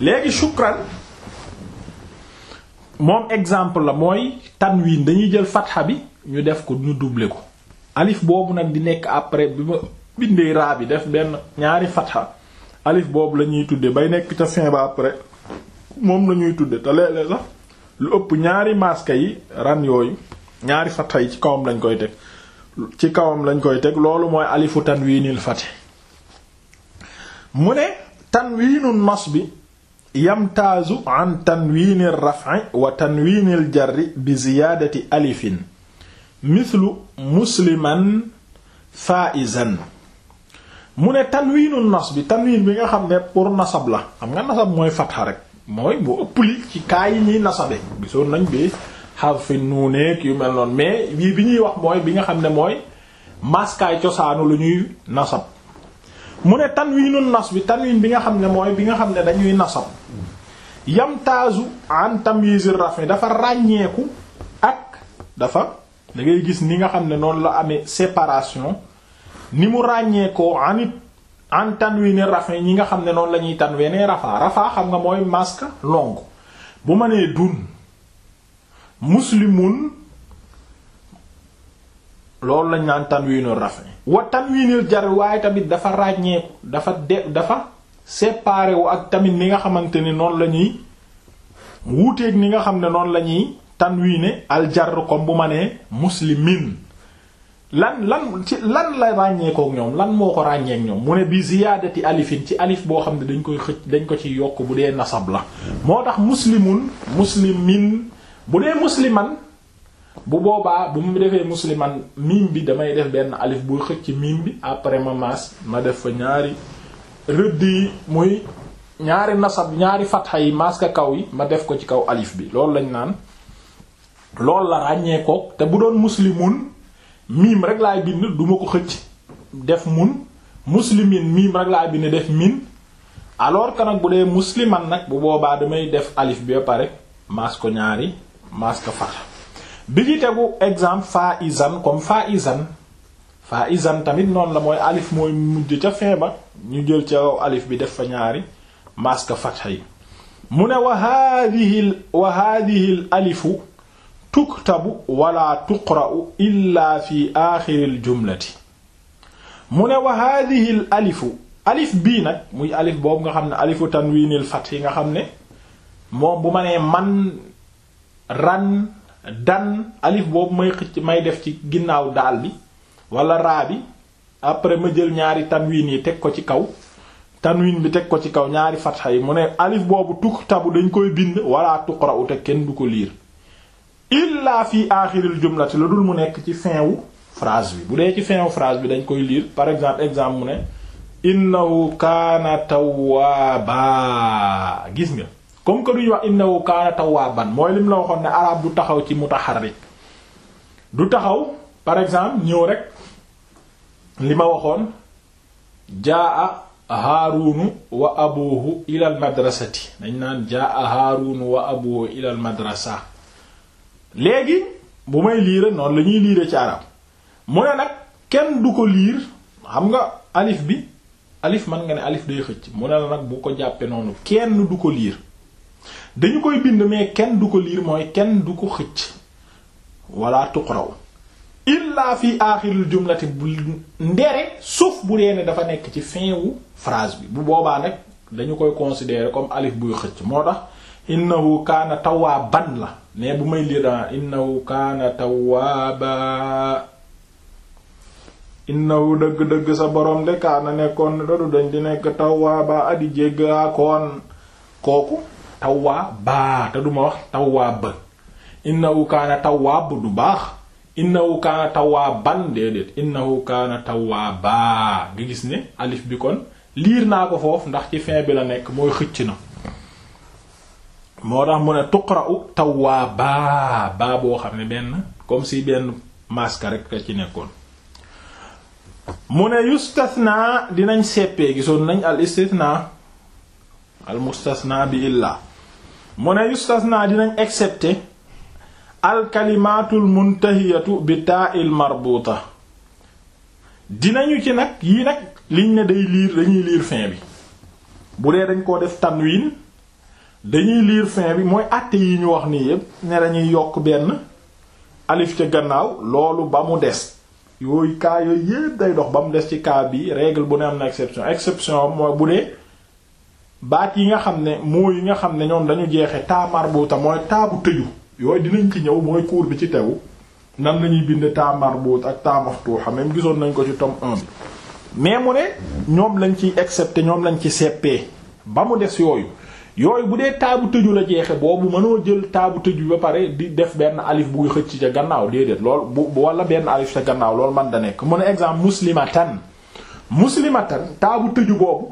léegi shukran moom exemple la mooy tanwin dañuy jël fatxa bi ñu def ko ñu duble ko alif boobu nag di nekk après bi ma bindee raa bi def benn ñaari fatxa alif boobu la ñuy tudde bay nekk ca fin ba après moom la ñuy tudde te léeg-léeg sax lu ëpp ñaari maska yi ran yooyu ñaari fatxa yi ci kawam lañ koy teg ci kawam lañ koy teg loolu mooy alifu tanwiinil fatih mu ne tanwiinu nas bi yamtaazu an tanwiinir raf'i wa tanwiinil jarri bi ziyaadati alifin mithlu musliman faizan mu ne tanwiinu nas bi tanwiin bi nga xam ne pour nasab la xam nga nasab mooy fatxa rek mooy bu ëpp li ci kaa yi ñuy nasabe gisoon nañ bi xarfi nuuneeg yu mel noonu mais bii bi ñuy wax mooy bi nga xam ne mooy maskaay cosaanu lu ñuy nasab mu ne tanwiinu nas bi tanwiin bi nga xam ne mooy bi nga xam ne dañuy nasab yamtaazu an tamyizir rafi dafa ràññeeku ak dafa dangay gis ni nga xam ne noonu la amee séparation ni mu ràññeekoo ko anit an tanwini rafin ñi nga xam ne noonu la ñuy tanwinee rafaa rafaa xam nga mooy masque long bu ma nee dun muslimun loolu lañ naan tanwinul rafin wa tanwinil jar waaye tamit dafa ràññeeku dafa de dafa séparé ak tamit ni nga xamante ni noonu la ñuy wuuteeg ni nga xam ne noonu lañuy tan tanwine al jar comme bu ma nee muslimin lan lan ci lan la ràññeekook ñoom lan moo ko ràññeek ñoom mu ne bi ziyaadati alifin ci alif boo xam ne dañ koy xëcc dañ ko ci yokk bu dee nasab la moo tax muslimun muslimin bu dee musliman bu boobaa bu mu defee musliman miim bi damay def benn alif buy xëcc miim bi après ma maas ma def fa ñaari rëdd yi muy ñaari nasab ñaari fatxa yi maas kaw yi ma def ko ci kaw alif bi loolu lañ naan loolu la ràññeekook te bu doon muslimun miim rek laay bind du ma ko xëcc def mun muslimin miim rek laay bind def min alors que nag bu dee musliman nag bu boobaa damay def alif bi ba pare maas ko ñaari maas ko bi ci tegu exemple fa izan comme fa izan fa izan tamit noonu la mooy alif mooy mujj ca fin ba ñu jël ca alif bi def fa ñaari maas ko yi mu ne wa hadhihi alifu tuktabu wala tuqra'u illa fi aaxiril jumlati mu ne wa haadihi alifu alif bii nag muy alif boobu nga xam ne alifu tanwiinil fat yi nga xam ne moom bu ma nee man ran dan alif boobu may xëcc may def ci ginnaaw daal bi walla raa bi après ma jël ñaari tanwin yi teg ko ci kaw tanwin bi teg ko ci kaw ñaari fatxa yi mu ne alif boobu tabu dañ koy bind wala tuqra'u te kenn du ko liir illa fi aaxiril jumlati lu dul mu nekk ci fin wu phrase bi bu dee ci fin wu phrase bi dañ koy liir par exemple exemple mu ne innahu kaana tawwaaba gis nga comme que duñu wax innahu kaana tawwaaban mooy lim la waxoon ne arab du taxaw ci mutaharrik du taxaw par exemple ñëw rek lima waxoon jaa haarunu wa abuhu ila al madrasati dañ naan jaa haarunu wa abuhu ila al madrasa léegi bu may liire noonu la ñuy liire ci arab mu ne nag kenn du ko liir xam nga alif bi alif man nga ne alif day xëcc mu ne la nag bu ko jàppee noonu kenn du ko liir dañu koy bind mais kenn du ko liir mooy kenn du ko xëcc wala tuqraw illa fi aaxiril jumlati bu ndere suuf bu dee ne dafa nekk ci fin wu phrase bi bu boobaa nag dañu koy considérer comme alif buy xëcc moo tax innahu kaana tawaaban la mais bu may lii daan innahu kaana tawaaba innahu dëgg-dëgg sa borom de kaana nekkoon ne du dañ di nekk tawaaba adi jéggaakoon kooku tawaaba te duma wax tawaaba innahu kaana tawaab du baax innahu kaana tawaaban déedéet innahu gis ne alif bi kon liir naa ko foofu ndax ci fin bi la nekk mooy xëcc na moo tax mu ne tuqra'u tawwaaba baa boo xam ne benn comme si benn maska rek ka ci nekkoon mu ne yustasna dinañ seppee gisoon nañ al istithna al mustasna bi illa mu ne yustasna dinañ excepté al kalimaatul muntahiyatu bi taa il marbuta dinañu ci nag yii nag liñ ne day liir dañuy liir fin bi bu dee dañ koo def tanwin dañuy liir fin bi mooy àtte yi ñu wax nii yépp ne dañuy yokk benn alif ca gannaaw loolu ba mu des yooyu kaa yooyu yépp day dox ba mu des ci cas bi règle bu ne am na exception exception mooy bu dee baat yi nga xam ne moo yi nga xam ne ñoom dañu jeexe taa marbuuta mooy taa tëju yooyu dinañ ci ñëw mooy kuur bi ci tewu nan lañuy bind taa marbuut ak taa maftuuxa même gisoon nañ ko ci tome 1 bi mais mu ne ñoom lañ ci excepté ñoom lañ ci seppee ba mu des yooyu yooyu bu dee taabu tëju la jeexe boobu mënoo jël taabu tëju ba pare di def benn alif buy xëcc ca gannaaw déedéet lool bu wala benn alif ca gannaaw loolu man da nekk mu ne exemple muslimatan muslimatan taabu tëju boobu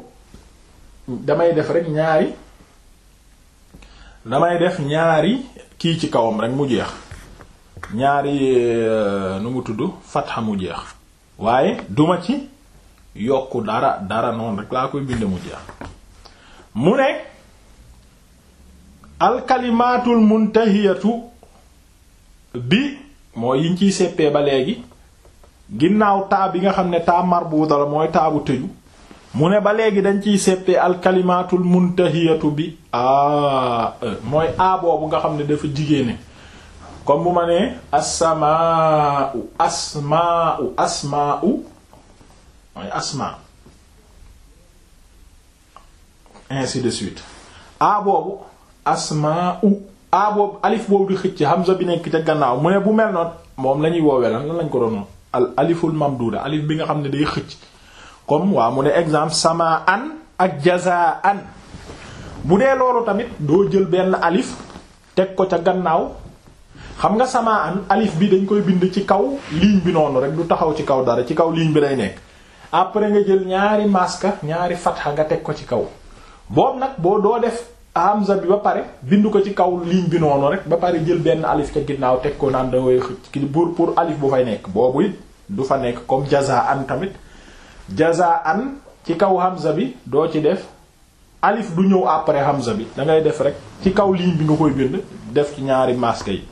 damay def rek ñaari damay def ñaari kii ci kawam rek mu jeex ñaari euh, nu mu tudd fatxa mu jeex waaye duma ci yokk dara dara noonu rek laa koy bind mu jeex mu nekk alkalimaatul muntahiyatu bi mooy yiñ ciy seppee ba léegi ginnaaw taa bi nga xam ne taa marbuuta la mooy taabu tëju mu ne ba léegi dañ ciy seppee alkalimaatul muntahiyatu bi aa e, mooy a boobu nga xam ne dafa jigéene comme bu ma nee asamaau asmaau asmaau mooy asma ainsi de asmaa'u a boobu alif boobu di xëcc hamza bi nekk ca gannaaw mu ne bu mel noonu moom lañuy ñuy woowee lan lan lañ ko doon al aliful mamduda alif bi nga xam ne day xëcc comme waa mu ne exemple sama an ak jaza an bu dee loolu tamit doo jël benn alif teg ko ca gannaaw xam nga sama an alif bi dañ koy bind ci kaw ligne bi noonu rek du taxaw ci kaw dara ci kaw ligne bi lay nekk après nga jël ñaari maska ñaari fatxa nga teg ko ci kaw boobu nag boo doo def hamza bi ba pare bind ko ci kaw ligne bi noonu rek ba pare jël benn alif ca ginnaaw teg ko naan da ngay xëcc pour pour alif bu fay nekk boobu it du fa nekk comme jazaan tamit jaza jazaan ci kaw hamza bi doo ci def alif du ñëw après hamza bi da ngay def rek ci kaw ligne bi nga koy bind def ci ñaari masque yi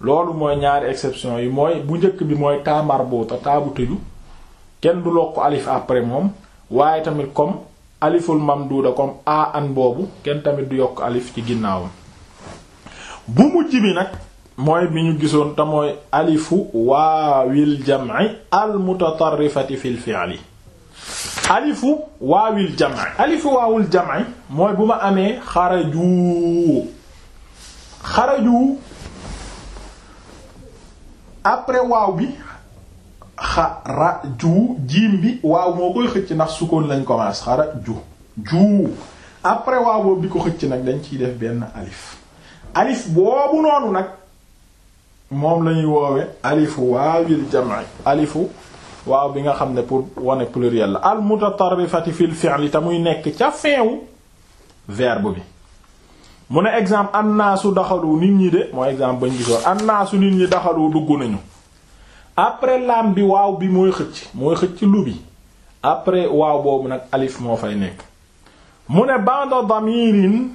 loolu mooy ñaari exception yi mooy bu njëkk bi mooy taa marbuuta taa bu tëju kenn du lokk alif après moom waaye tamit comme aliful mamduuda comme a an boobu kenn tamit du yokk alif ci ginnaawam bu mujj bi nag mooy bi ñu gisoon te mooy alifu waawil jam'i alifu waawul jam'i mooy bu ma amee xaraju après waaw bi xara ju jiim bi waaw moo koy xëcc ndax sukkoon lañ commencé xara ju ju après waaw boobu di ko xëcc nag dañ ciy def benn alif alif boobu noonu nag moom lañuy woowe alifu waawil jam'i alifu waaw bi nga xam ne pour wane pluriel la al mutatarrifati fil fi'li te muy nekk ca feewu verbe bi mu ne exemple annaasu daxalu nit ñi de mooy exemple bañ gisoon annaasu nit ñi daxalu dugg nañu après laam bi waaw bi mooy xëcc mooy xëcc lu bi après waaw boobu nag alif moo fay nekk mu ne ba'da damirin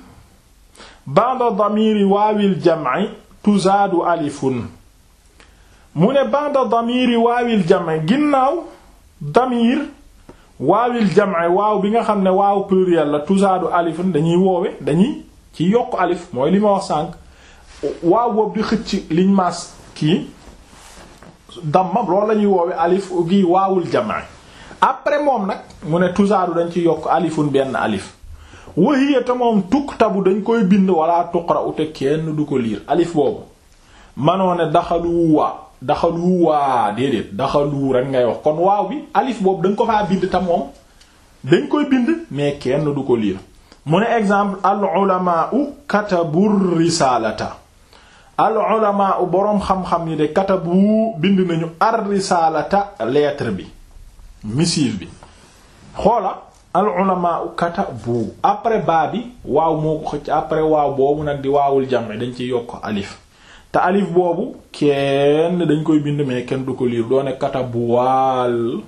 ba'da damiri waawil jam'i tuzaadu alifun mu ne ba'da damiri waawil jam'i ginnaaw damir waawil jam'i waaw bi nga xam ne waaw pluriel la tuzaadu alifun dañuy woowe dañuy ci yokk alif mooy li ma wax sànq waaw boobu di xëcc liñ maas kii damma lool la ñuy woowe alif gi waawul jamaa après moom nag mu ne tuzaadu dañ ci yokk alifun benn alif wahiya te moom tuktabu dañ koy bind wala tuqra ute kenn du ko liir alif boobu manoo ne daxalu waa daxalu daxalu rek ngay wax kon waaw bi alif boobu dañ ko faa bind te dañ koy bind mais kenn du ko liir mu ne exemple al ulamaa'u katabur risalata al ulamaa boroom xam-xam yi de katabu bind nañu ar-risaalata lettre bi missive bi xoola al ulamaa katabu après baa bi waaw moo ko waawul jam'i dañ ciy yokk alif te boobu kenn dañ koy bind mais kenn du ko liir doo ne bu waal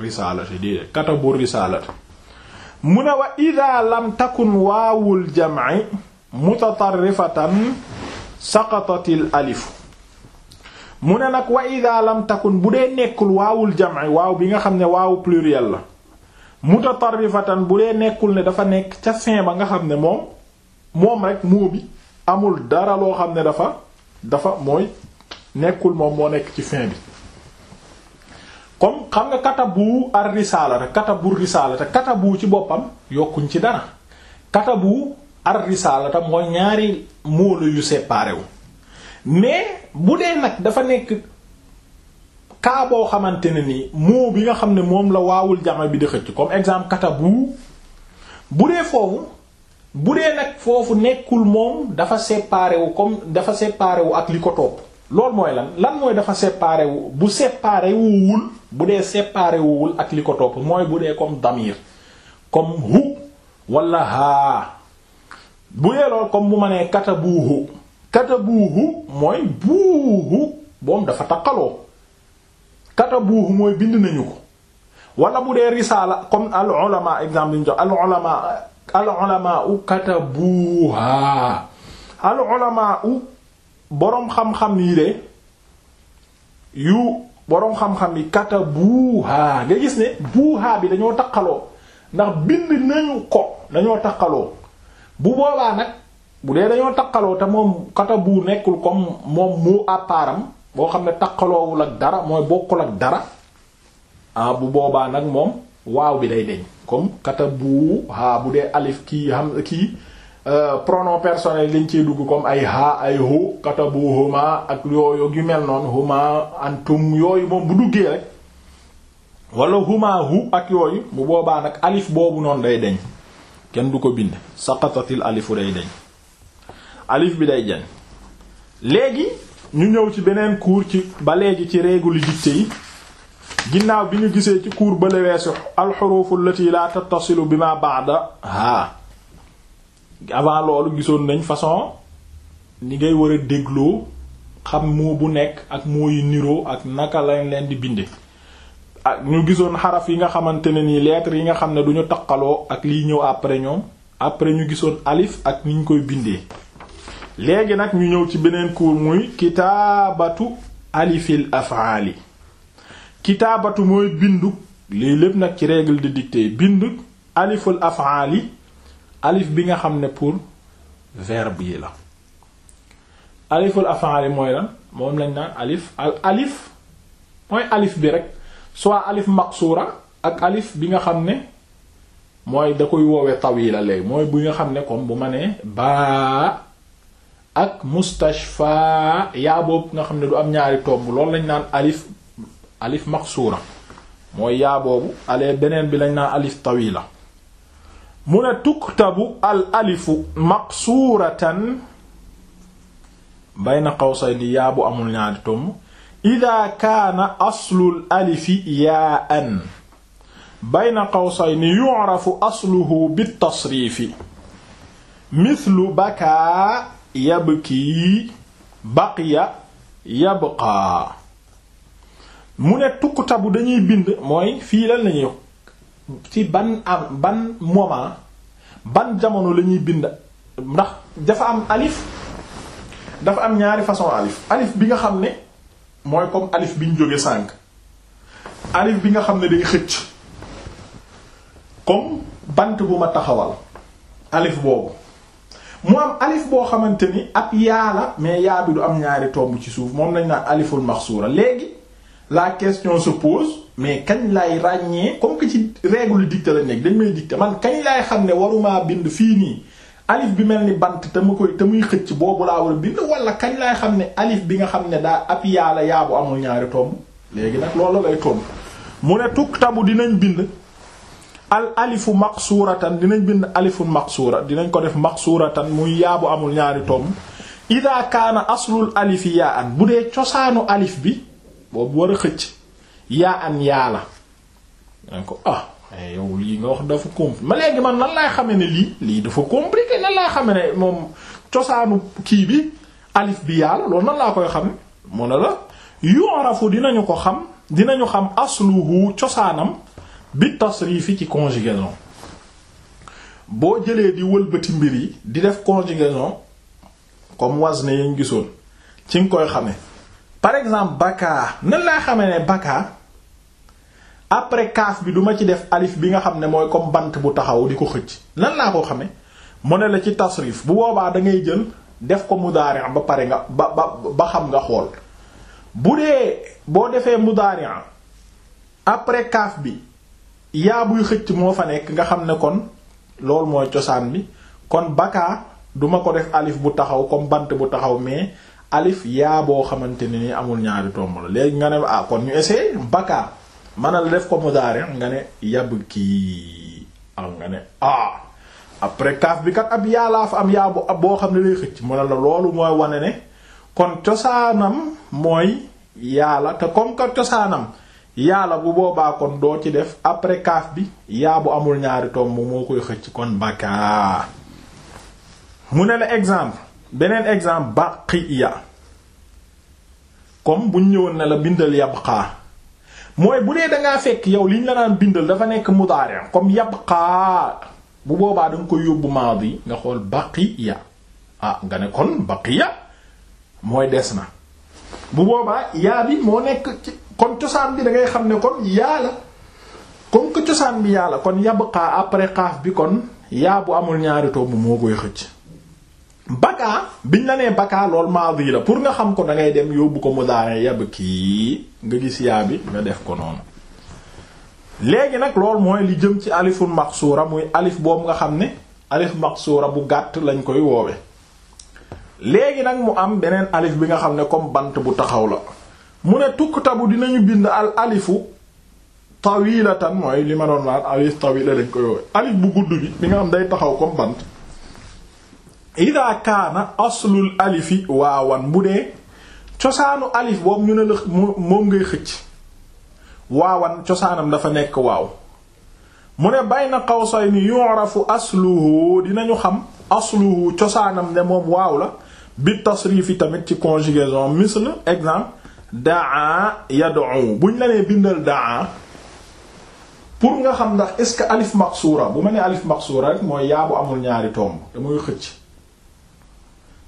risaalata déedéet katabu risaalata mu ne wa idaa lam waawul jam'i mutatarrifatan saqatatil alifu mu ne nag wa ida lam bu dee nekkul waawul jam'i waaw bi nga xam ne waawu pluriel la mutatarrifatan bu dee nekkul ne dafa nekk ca fin ba nga xam ne moom moom rek moo bi amul dara loo xam ne dafa dafa mooy nekkul moom moo nekk ci fin bi comme xam nga katabu ar risaala te katabu buu ci boppam yokkuñ ci dara katabu ar risalata mooy ñaari moolu yu séparé mais bu dee nag dafa nekk kaa boo xamante ne ni moo bi nga xam ne moom la waawul jama bi di xëcc comme exemple katabu bu dee foofu bu dee nag foofu nekkul moom dafa séparé wu comme dafa séparé wu ak li ko topp loolu mooy lan lan mooy dafa séparé bu séparé bu dee séparé ak li ko topp mooy bu dee comme damir comme hu wala haa bu yeeloo comme bu ma nee kata buuhu kata buuhu mooy buuhu boom dafa taqaloo kata buuhu mooy bind nañu ko wala bu dee risaala comme al ulama exemple ñu jox al ulama al ulama u kata buuha al ulama u boroom xam-xam yi de yu boroom xam-xam yi kata buuha nga gis ne buuha bi dañoo taqaloo ndax bind nañu ko dañoo taqaloo bu boobaa nag bu dee dañoo taqaloo te moom kata bu nekkul comme moom moo àppaaram boo xam ne taqaloowul ak dara mooy bokkul ak dara ah, bu boobaa nag moom waaw bi day deñ comme kata bu haa bu dee alif kii xam kii euh, pronom personnel dañ cee dugg comme ay ha ay ho kata bu homa ak yooyu yu mel noonu homa antum yooyu moom bu duggee rek wala huma hu ak yooyu bu boobaa nag alif boobu noonu day deñ kenn du ko bind saqatatil alifu day deñ alif bi day deñ léegi ñu ñëw ci beneen cours ci ba léegi ci règle dictée yi ginnaaw bi ñu gisee ci kuur ba leweesu alxurufu allati la tattasilu bi ma baada ha avant loolu gisoon nañ façon ni ngay war a dégloo xam moo bu nekk ak mu mooy niroo ak naka lañ leen di bind ak ñu gisoon xaraf yi nga xamante ne nii lettres yi nga xam ne du ñu ak liy ñëw après ñoom après ñu gisoon alif ak ni ñu koy bindee léegi nag ñu ñëw ci beneen cours muy kitaabatu alifil afaali kitaabatu mooy bindu lii lépp nag ci règle de dictée bindu aliful afaali alif bi nga xam ne pour verbe yi la aliful afaali mooy lan moom lañ naan alif al alif mooy alif bi rek soit alif maqsura ak alif bi nga xam ne mooy da koy woowe tawila léegi mooy bu nga xam ne comme bu ma nee baa ak mustashfa yaa boobu nga xam ne du am ñaari tomb loolu lañ naan alif alif maqsura mooy yaa boobu ale beneen bi lañ naan alif tawila mu ne tuktabu al alifu maqsuratan bayna qawsayni yaa bu amul ñaari tomb ida kaana aslul alifi yaa an bayna qawsayni yu'rafu asluhu bitasriifi mithlu bakaa yabkii baqiya yabqaa mu ne tukkutabu dañuy bind mooy fii lan lañuy ci ban am ban moment ban jamono lañuy bind ndax dafa am alif dafa am ñaari façon alif alif bi nga xam ne mooy comme alif bi ñu jóge sànq alif bi nga xam ne day xëcc comme bant bu ma taxawal alif boobu mu am alif boo xamante ni ab yaa la mais yaa du am ñaari tomb ci suuf moom lañ naan aliful maxsuura léegi la question se pose mais kañ laay ràññee comme que ci règle dictée la nekk dañ may dictée man kañ laay xam ne warumaa bind fii nii alif bi mel ni bant te ma koy te muy xëcc boobu laa war a bind wala kañ laay xam ne alif bi nga xam ne daa ab yàlla yaabu amul ñaari tomb léegi nag loolu lay tomb mu ne tuktabu dinañ bind al alifu maqsuratan dinañ bind alifu maqsura dinañ ko def maqsuratan muy yaabu amul ñaari tomb ida kaana aslul alifi yaa an bu dee cosaanu alif bi boobu war a xëcc yaa an yaa la ko ah Eh, yow lii nga wax dafa compliqué ma léegi man nan laay xamee ne lii lii dafa compliqué nan laay xamee ne moom cosaanu kii bi alif bi yàlla loolu nan laa koy xam moo ne la yu'rafu dinañu ko xam dinañu xam asluhu cosaanam bi tasrifi ci conjugaison boo jëlee di wëlbëti mbir yi di def conjugaison comme wazne yañ gisoon ci nga koy xamee par exemple baka nan laa xamee ne baka après kaaf bi duma ci def alif bi nga xam ne mooy comme bant bu taxaw di ko xëcc nan laa ko xamee mu ne la ci tasrif bu boobaa da ngay jël def ko mudaari ba pare nga ba ba ba xam nga xool bu dee boo defee mudaari après kaaf bi yaa buy xëcc moo fa nekk nga xam ne kon loolu mooy cosaan bi kon bakaa duma ko def alif bu taxaw comme bant bu taxaw mais alif yaa boo xamante ne ni amul ñaari tomb la léegi nga ne ah kon ñu essayé bakaa manal def ko mudaari nga ne yab kii am nga ne ah après kaaf bi kat ab yaa laa fa am yaa boo xam ne lay xëcc mu ne la loolu mooy wane ne kon cosaanam mooy yàlla te comme que cosaanam yàlla bu boobaa kon doo ci def après kaaf bi yaa bu amul ñaari tomb moo koy xëcc kon bakkaa mu ne la exemple beneen exemple baqiya kom buñ ñëwoon ne la bindal yabqaa mooy bu dee da fekk yow liñ la naan bindal dafa nekk mudaari comme xaa bu boobaa da nga koy yóbbu maadi nga xool bàqi baqiya ah nga ne kon baqiya mooy des na bu boobaa yaa bi moo nekk ci kon cosaan bi da ngay xam ne kon yaa la comme que cosaan bi yàlla kon kon yabqaa après xaaf bi kon yaa bu amul ñaari tomb moo koy xëcc. baka biñ la nee baka lool maadi la pour nga xam ko dangay ngay dem yóbbu ko mu daane yab kii nga gis yaa bi nga def ko noonu léegi nag lool mooy li jëm ci aliful maqsuura muy alif boobu nga xam ne alif maqsuura bu gàtt lañ koy woowe léegi nag mu am beneen alif bi nga xam ne comme bant bu taxaw la mu ne tukk tukktabu dinañu bind al alifu tawilatan mooy li ma doon naan alif tawila lañ koy woowe alif bu gudd bi bi nga xam day taxaw comme bant ida kaana aslul alifi waawan bu dee cosaanu alif boobu ñu ne la moom ngay xëcc waawan cosaanam dafa nekk waaw mu ne bayna qawsayni yu'rafu asluhu dinañu xam asluhu cosaanam ne moom waaw la bi tasrifi tamit ci conjugaison misle exemple daa yad'u buñ la nee bindal daa pour nga xam ndax est-ce que alif maqsura bu ma nee alif maqsura rek mooy yaabu amul ñaari tomb damay xëcc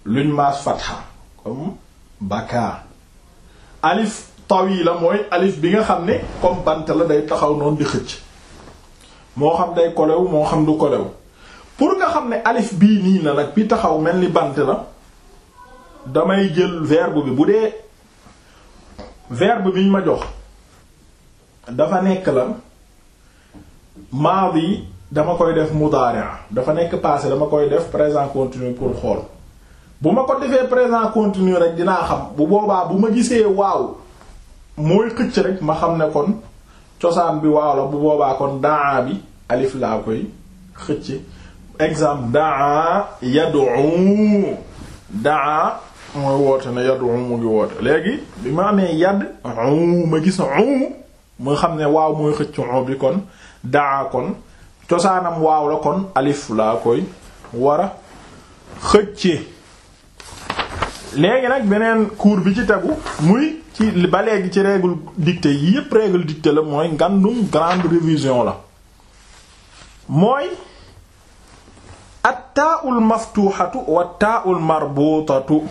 luñ maas fatxa comme baka alif tawi la mooy alif bi nga xam ne comme bant la day taxaw noonu di xëcc moo xam day kolew moo xam du kolew pour nga xam ne alif bii nii na nag bi taxaw mel ni bant la damay jël verbe bi bu dee verbe bi ma jox dafa nekk la maadi dama koy def mudaari' dafa nekk passé dama koy def présent continu pour xool bu ma ko defee présent continu rek dinaa xam bu boobaa bu ma gisee waaw mooy xëcc rek ma xam ne kon cosaan bi waaw la bu boobaa kon daa bi alif laa koy xëcc exemple daa na yad'u mu léegi ma amee ma gis xam ne waaw mooy xëcc u cosaanam waaw kon alif laa koy war a xëcce léegi nag beneen cours bi ci tegu muy ci ba léegi ci règle dictée yi yépp règle dictée la mooy ngandum grande révision la mooy at taaul maftuhatu wa taaul marbutatu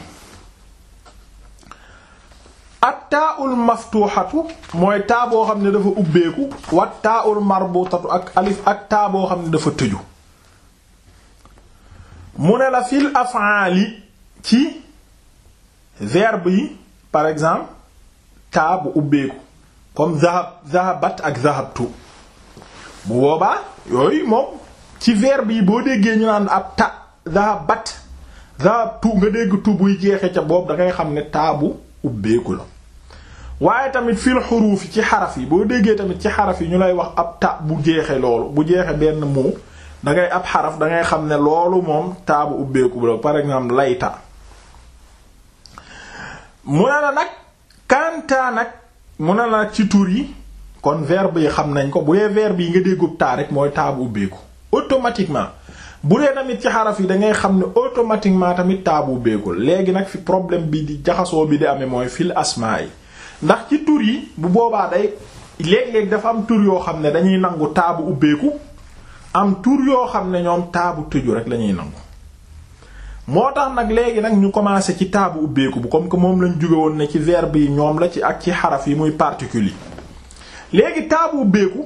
at taaul maftuhatu mooy taaboo xam ne dafa ubbeeku wa taaul marbutatu ak alif ak taa xam ne dafa tëju mu ne la fil af'ali ci verbe yi par exemple taa bu ubbeeku comme zahab zahabat ak zahabtu bu boobaa yooyu moom ci verbe yi boo déggee ñu naan ab ta zahabat zahabtu nga dégg tu buy jeexe ca boobu da ngay xam ne taa bu ubbeeku la waaye tamit fil xuruuf yi ci xaraf yi boo déggee tamit ci xaraf yi ñu lay wax ab ta bu jeexe loolu bu jeexe benn mot da ngay ab xaraf da ngay xam ne loolu moom taa bu ubbeeku la par exemple lay layta mu a la nag kantaa nag mu a la ci tur yi kon verbe yi xam nañ ko bu dee verbe yi nga déggub taa rek mooy taabu bu ubbeeku automatiquement bu dee tamit ci xaraf yi da ngay xam ne automatiquement tamit taabu bu ubbeeku léegi nag fi problème bi di jaxasoo bi di amee mooy fil asmaa yi ndax ci tur yi bu boobaa day léeg-léeg dafa am tur yoo xam ne dañuy nangu taabu bu ubbeeku am tur yoo xam ne ñoom taabu bu tëju rek la ñuy nangu. moo tax nag léegi nag ñu commencé ci taabu ubbeeku bu comme que moom lañ jóge woon ne ci verbe yi ñoom la ci ak ci xaraf yi muy particule yi léegi taabu ubbeeku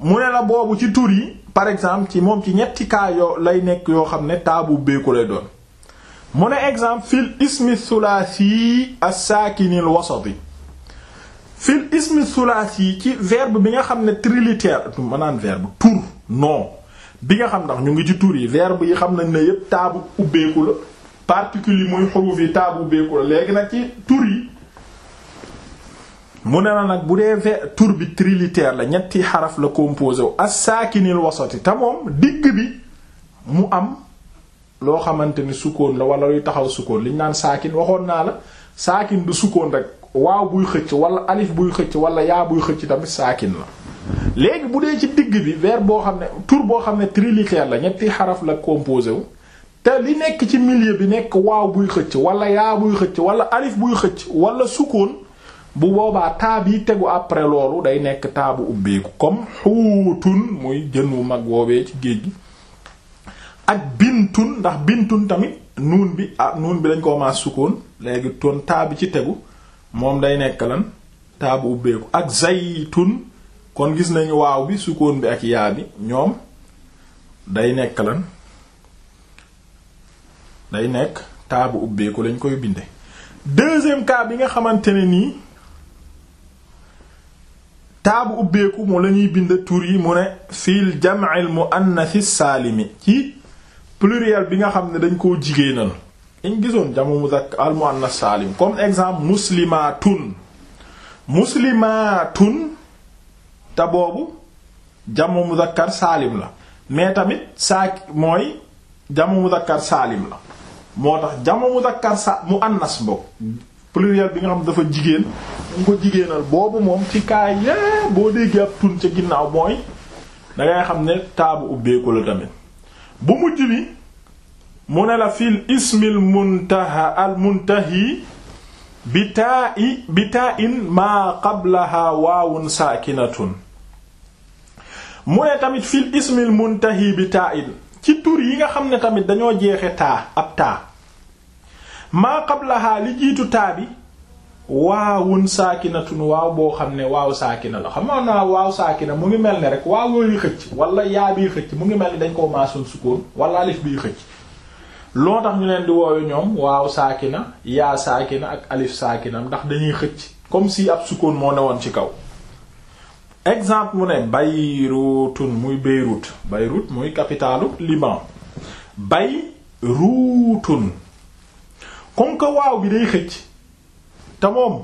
mu ne la boobu ci tur yi par exemple ci moom ci ñetti cas yoo lay nekk yoo xam ne taabu ubbeeku lay doon mu ne exemple fil ismi thulathi as-sakinil wasati fil ismi thulathi ci verbe bi nga xam ne trilitère maanaam verbe tur non bi nga xam ndax ñu ngi ci tur yi verbe yi xam nañ ne yépp taabu ubbeeku la particules yi muy xuruf yi taabu ubbeeku la léegi nag ci tur yi mu ne na nag bu dee ve tur bi trilitère la ñetti xaraf la composé wu as-saakinil wasati te moom digg bi mu am loo xamante ni sukkoon la wala luy taxaw sukkoon liñ naan saakin waxoon naa la saakin du sukkoon rek waaw buy xëcc wala alif buy xëcc wala yaa buy xëcc tamit saakin la léegi bu dee ci digg bi vers boo xam ne tur boo xam ne trilitère la ñetti xaraf la composé wu te li nekk ci milieu bi nekk waaw buy xëcc wala yaa buy xëcc wala alif buy xëcc wala sukkoon bu boobaa taa bi tegu après loolu day nekk taabu bu ubbeeku comme xuutun muy jën wu mag woowee ci géej gi ak bintun ndax bintun tamit nuun bi ah nuun bi dañ ko ma sukkoon léegi ton taa bi ci tegu moom day nekk lan taa bu ubbeeku ak zaytun kon gis nañu waaw bi sukkoon bi ak yaa bi ñoom day nekk lan day nekk taabu ubbeeku lañ koy binde deuxième cas bi nga xamante ni nii taabu ubbeeku moo lañuy bind tur yi mu ne fil jam'il muannathi saalimi ci pluriel bi nga xam ne dañ koo jigéenal dañ gisoon jamu muzakkar al muannath saalim comme exemple muslimatun muslimatun te boobu jamu muzakkar saalim la mais tamit saa mooy jamu muzakkar saalim la moo tax jamu muzakkar sa mu annas boobu pluriel bi nga xam dafa jigéen mu ko jigéenal boobu moom ci kaay boo déggee ab tun ca ginnaaw mooy dangay xam ne taabu ubbeeku la tamit bu mujj bi mu ne la fil ismil muntaha al muntahi bi taa i bi taa in maa qablaha mu ne tamit fil ismil muntahi bi taa ci tur yi nga xam ne tamit dañoo jeexe taa ab taa maa qablaha li jiitu taa bi waawun saakinatun waaw boo xam ne waaw saakina la xam naa waaw saakina mu ngi mel ne rek waaw yooyu xëcc wala yaa biy xëcc mu ngi mel ni dañ koo maasoon sukkoon wala alif biy xëcc loo tax ñu leen di woowe ñoom waaw saakina yaa saakina ak alif saakina ndax dañuy xëcc comme si ab sukkoon moo ne woon ci kaw exemple mu ne Bayrutun muy Beyrouth Beyrouth muy capitalu Liban Bayrutun kon ko waaw bi day xëcc te moom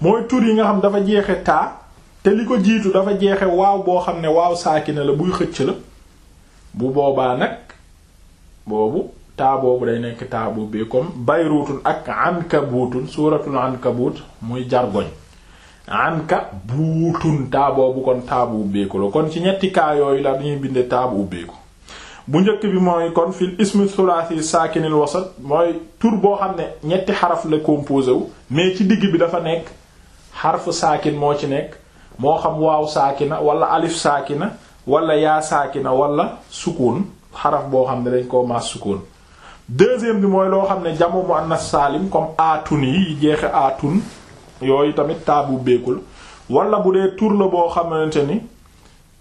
mooy tur yi nga xam dafa jeexe taa te li ko jiitu dafa jeexe waaw boo xam ne waaw saakina la buy xëcc la bu boobaa nag boobu taa boobu day nekk taa boobu bi comme Bayrutun ak Ankabutun suuratul Ankabut muy jargoñ anka buutun taaboobu kon taabu ubbeeku la kon ci ñetti kaa yooyu la dañuy bindee taabu ubbeeku bu njëkk bi mooy kon fil ismi thulathi sakinil wasat mooy tur boo xam ne ñetti xaraf la composé wu mais ci digg bi dafa nekk xarfu saakin moo ci nekk moo xam waaw saakina wala alif saakina wala yaa saakina wala sukun xaraf boo xam ne dañ koo maas sukun deuxième bi mooy loo xam ne jamu muannas saalim comme aatun yi jeexe aatun yooyu tamit taa bu beekul wala bu dee tur la boo xamante ni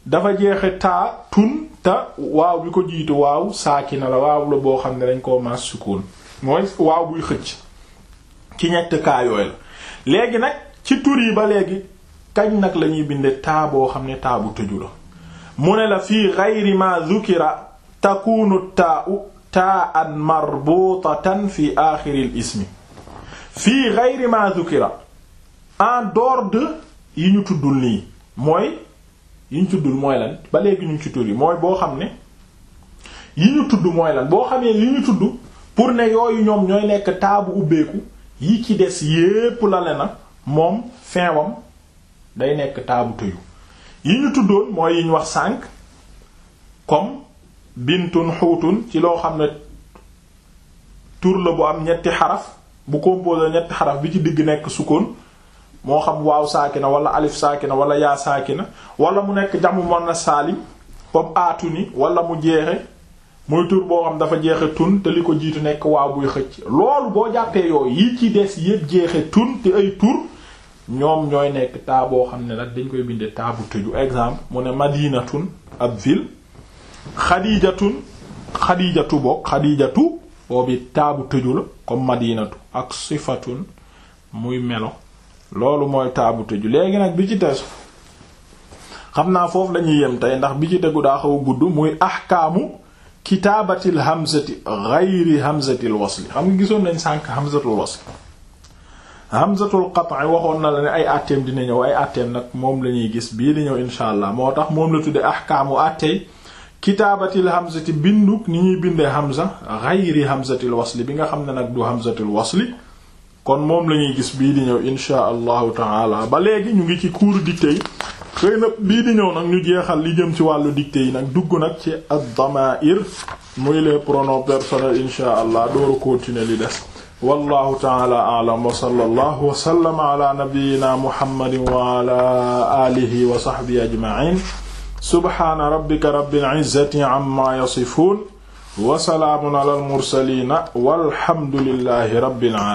dafa jeexe taa tun te waaw bi ko jiitu waaw saaki na la waaw la boo xam ne dañ koo maas sukkoon mooy waaw buy xëcc ci ñett kaa yooyu la léegi nag ci tur yi ba léegi kañ nag lañuy ñuy binde taa boo xam ne taa bu tëju la mu ne la fii gayri ma zukira takunu taa u taa an fi aaxiril ismi fii gayri ma en dehors de yi ñu tuddul nii mooy yi ñu tuddul mooy lan ba léegi ñu ci tur yi mooy boo xam ne yi ñu tudd mooy lan boo xamee yi ñu tudd pour ne yooyu ñoom ñooy nekk taabu ubbeeku yi ci des yépp la le na moom feewam day nekk taabu tëyu yi ñu tuddoon mooy yi ñu wax sànq comme bintun xuutun ci loo xam ne tur la bu am ñetti xaraf bu composé ñetti xaraf bi ci digg nekk sukkoon moo xam waaw saakina wala alif saakina wala yaa saakina wala mu nekk jamu mën na saalim comme aatuni walla mu jeexe muy tur boo xam dafa jeexe tun te li ko jiitu nekk waaw buy xëcc loolu boo jàppee yooyu yi ci des yépp jeexe tun te ay tur ñoom ñooy nekk taa boo xam ne nag dañ koy bindee taa bu tëju exemple mu ne madinatun ab ville xadijatun xadijatu boog xadijatu boobu taa bu tëju la kom madinatu ak sifatun muy melo loolu mooy taabu ju léegi nag bi ci tes xam naa foofu lañuy yem tey ndax bi ci tegu daa xaw gudd muy ahkaamu kitaabatil hamzati ghayri hamzatil wasli xam nga gisoon nañ sànk hamzatul wasli hamzatul qat'i waxoon na la ne ay àtteem dina ñëw ay àtteem nag moom lañuy gis bii di ñëw insha allah moo tax moom la tudde ahkaamu àtteey kitaabatil hamzati binduk ni ñuy bindee hamza ghayri hamzatil wasli bi nga xam ne nag du hamzatil wasli kon moom la ñuy gis bii ñëw insha allahu taala ba léegi ñu ngi ci cours dictée yi xëy ñëw nag ñu jeexal li jëm ci wàllu dictée yi nag dugg nag ci ad-damair muy les pronoms personnels insha allah dooru continuer li des wallahu taala alam wa sallallahu wa sallama ala nabiyyina muhammadin wa ala wa sahbihi ajma'in subhana rabbika rabbil izzati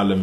alamin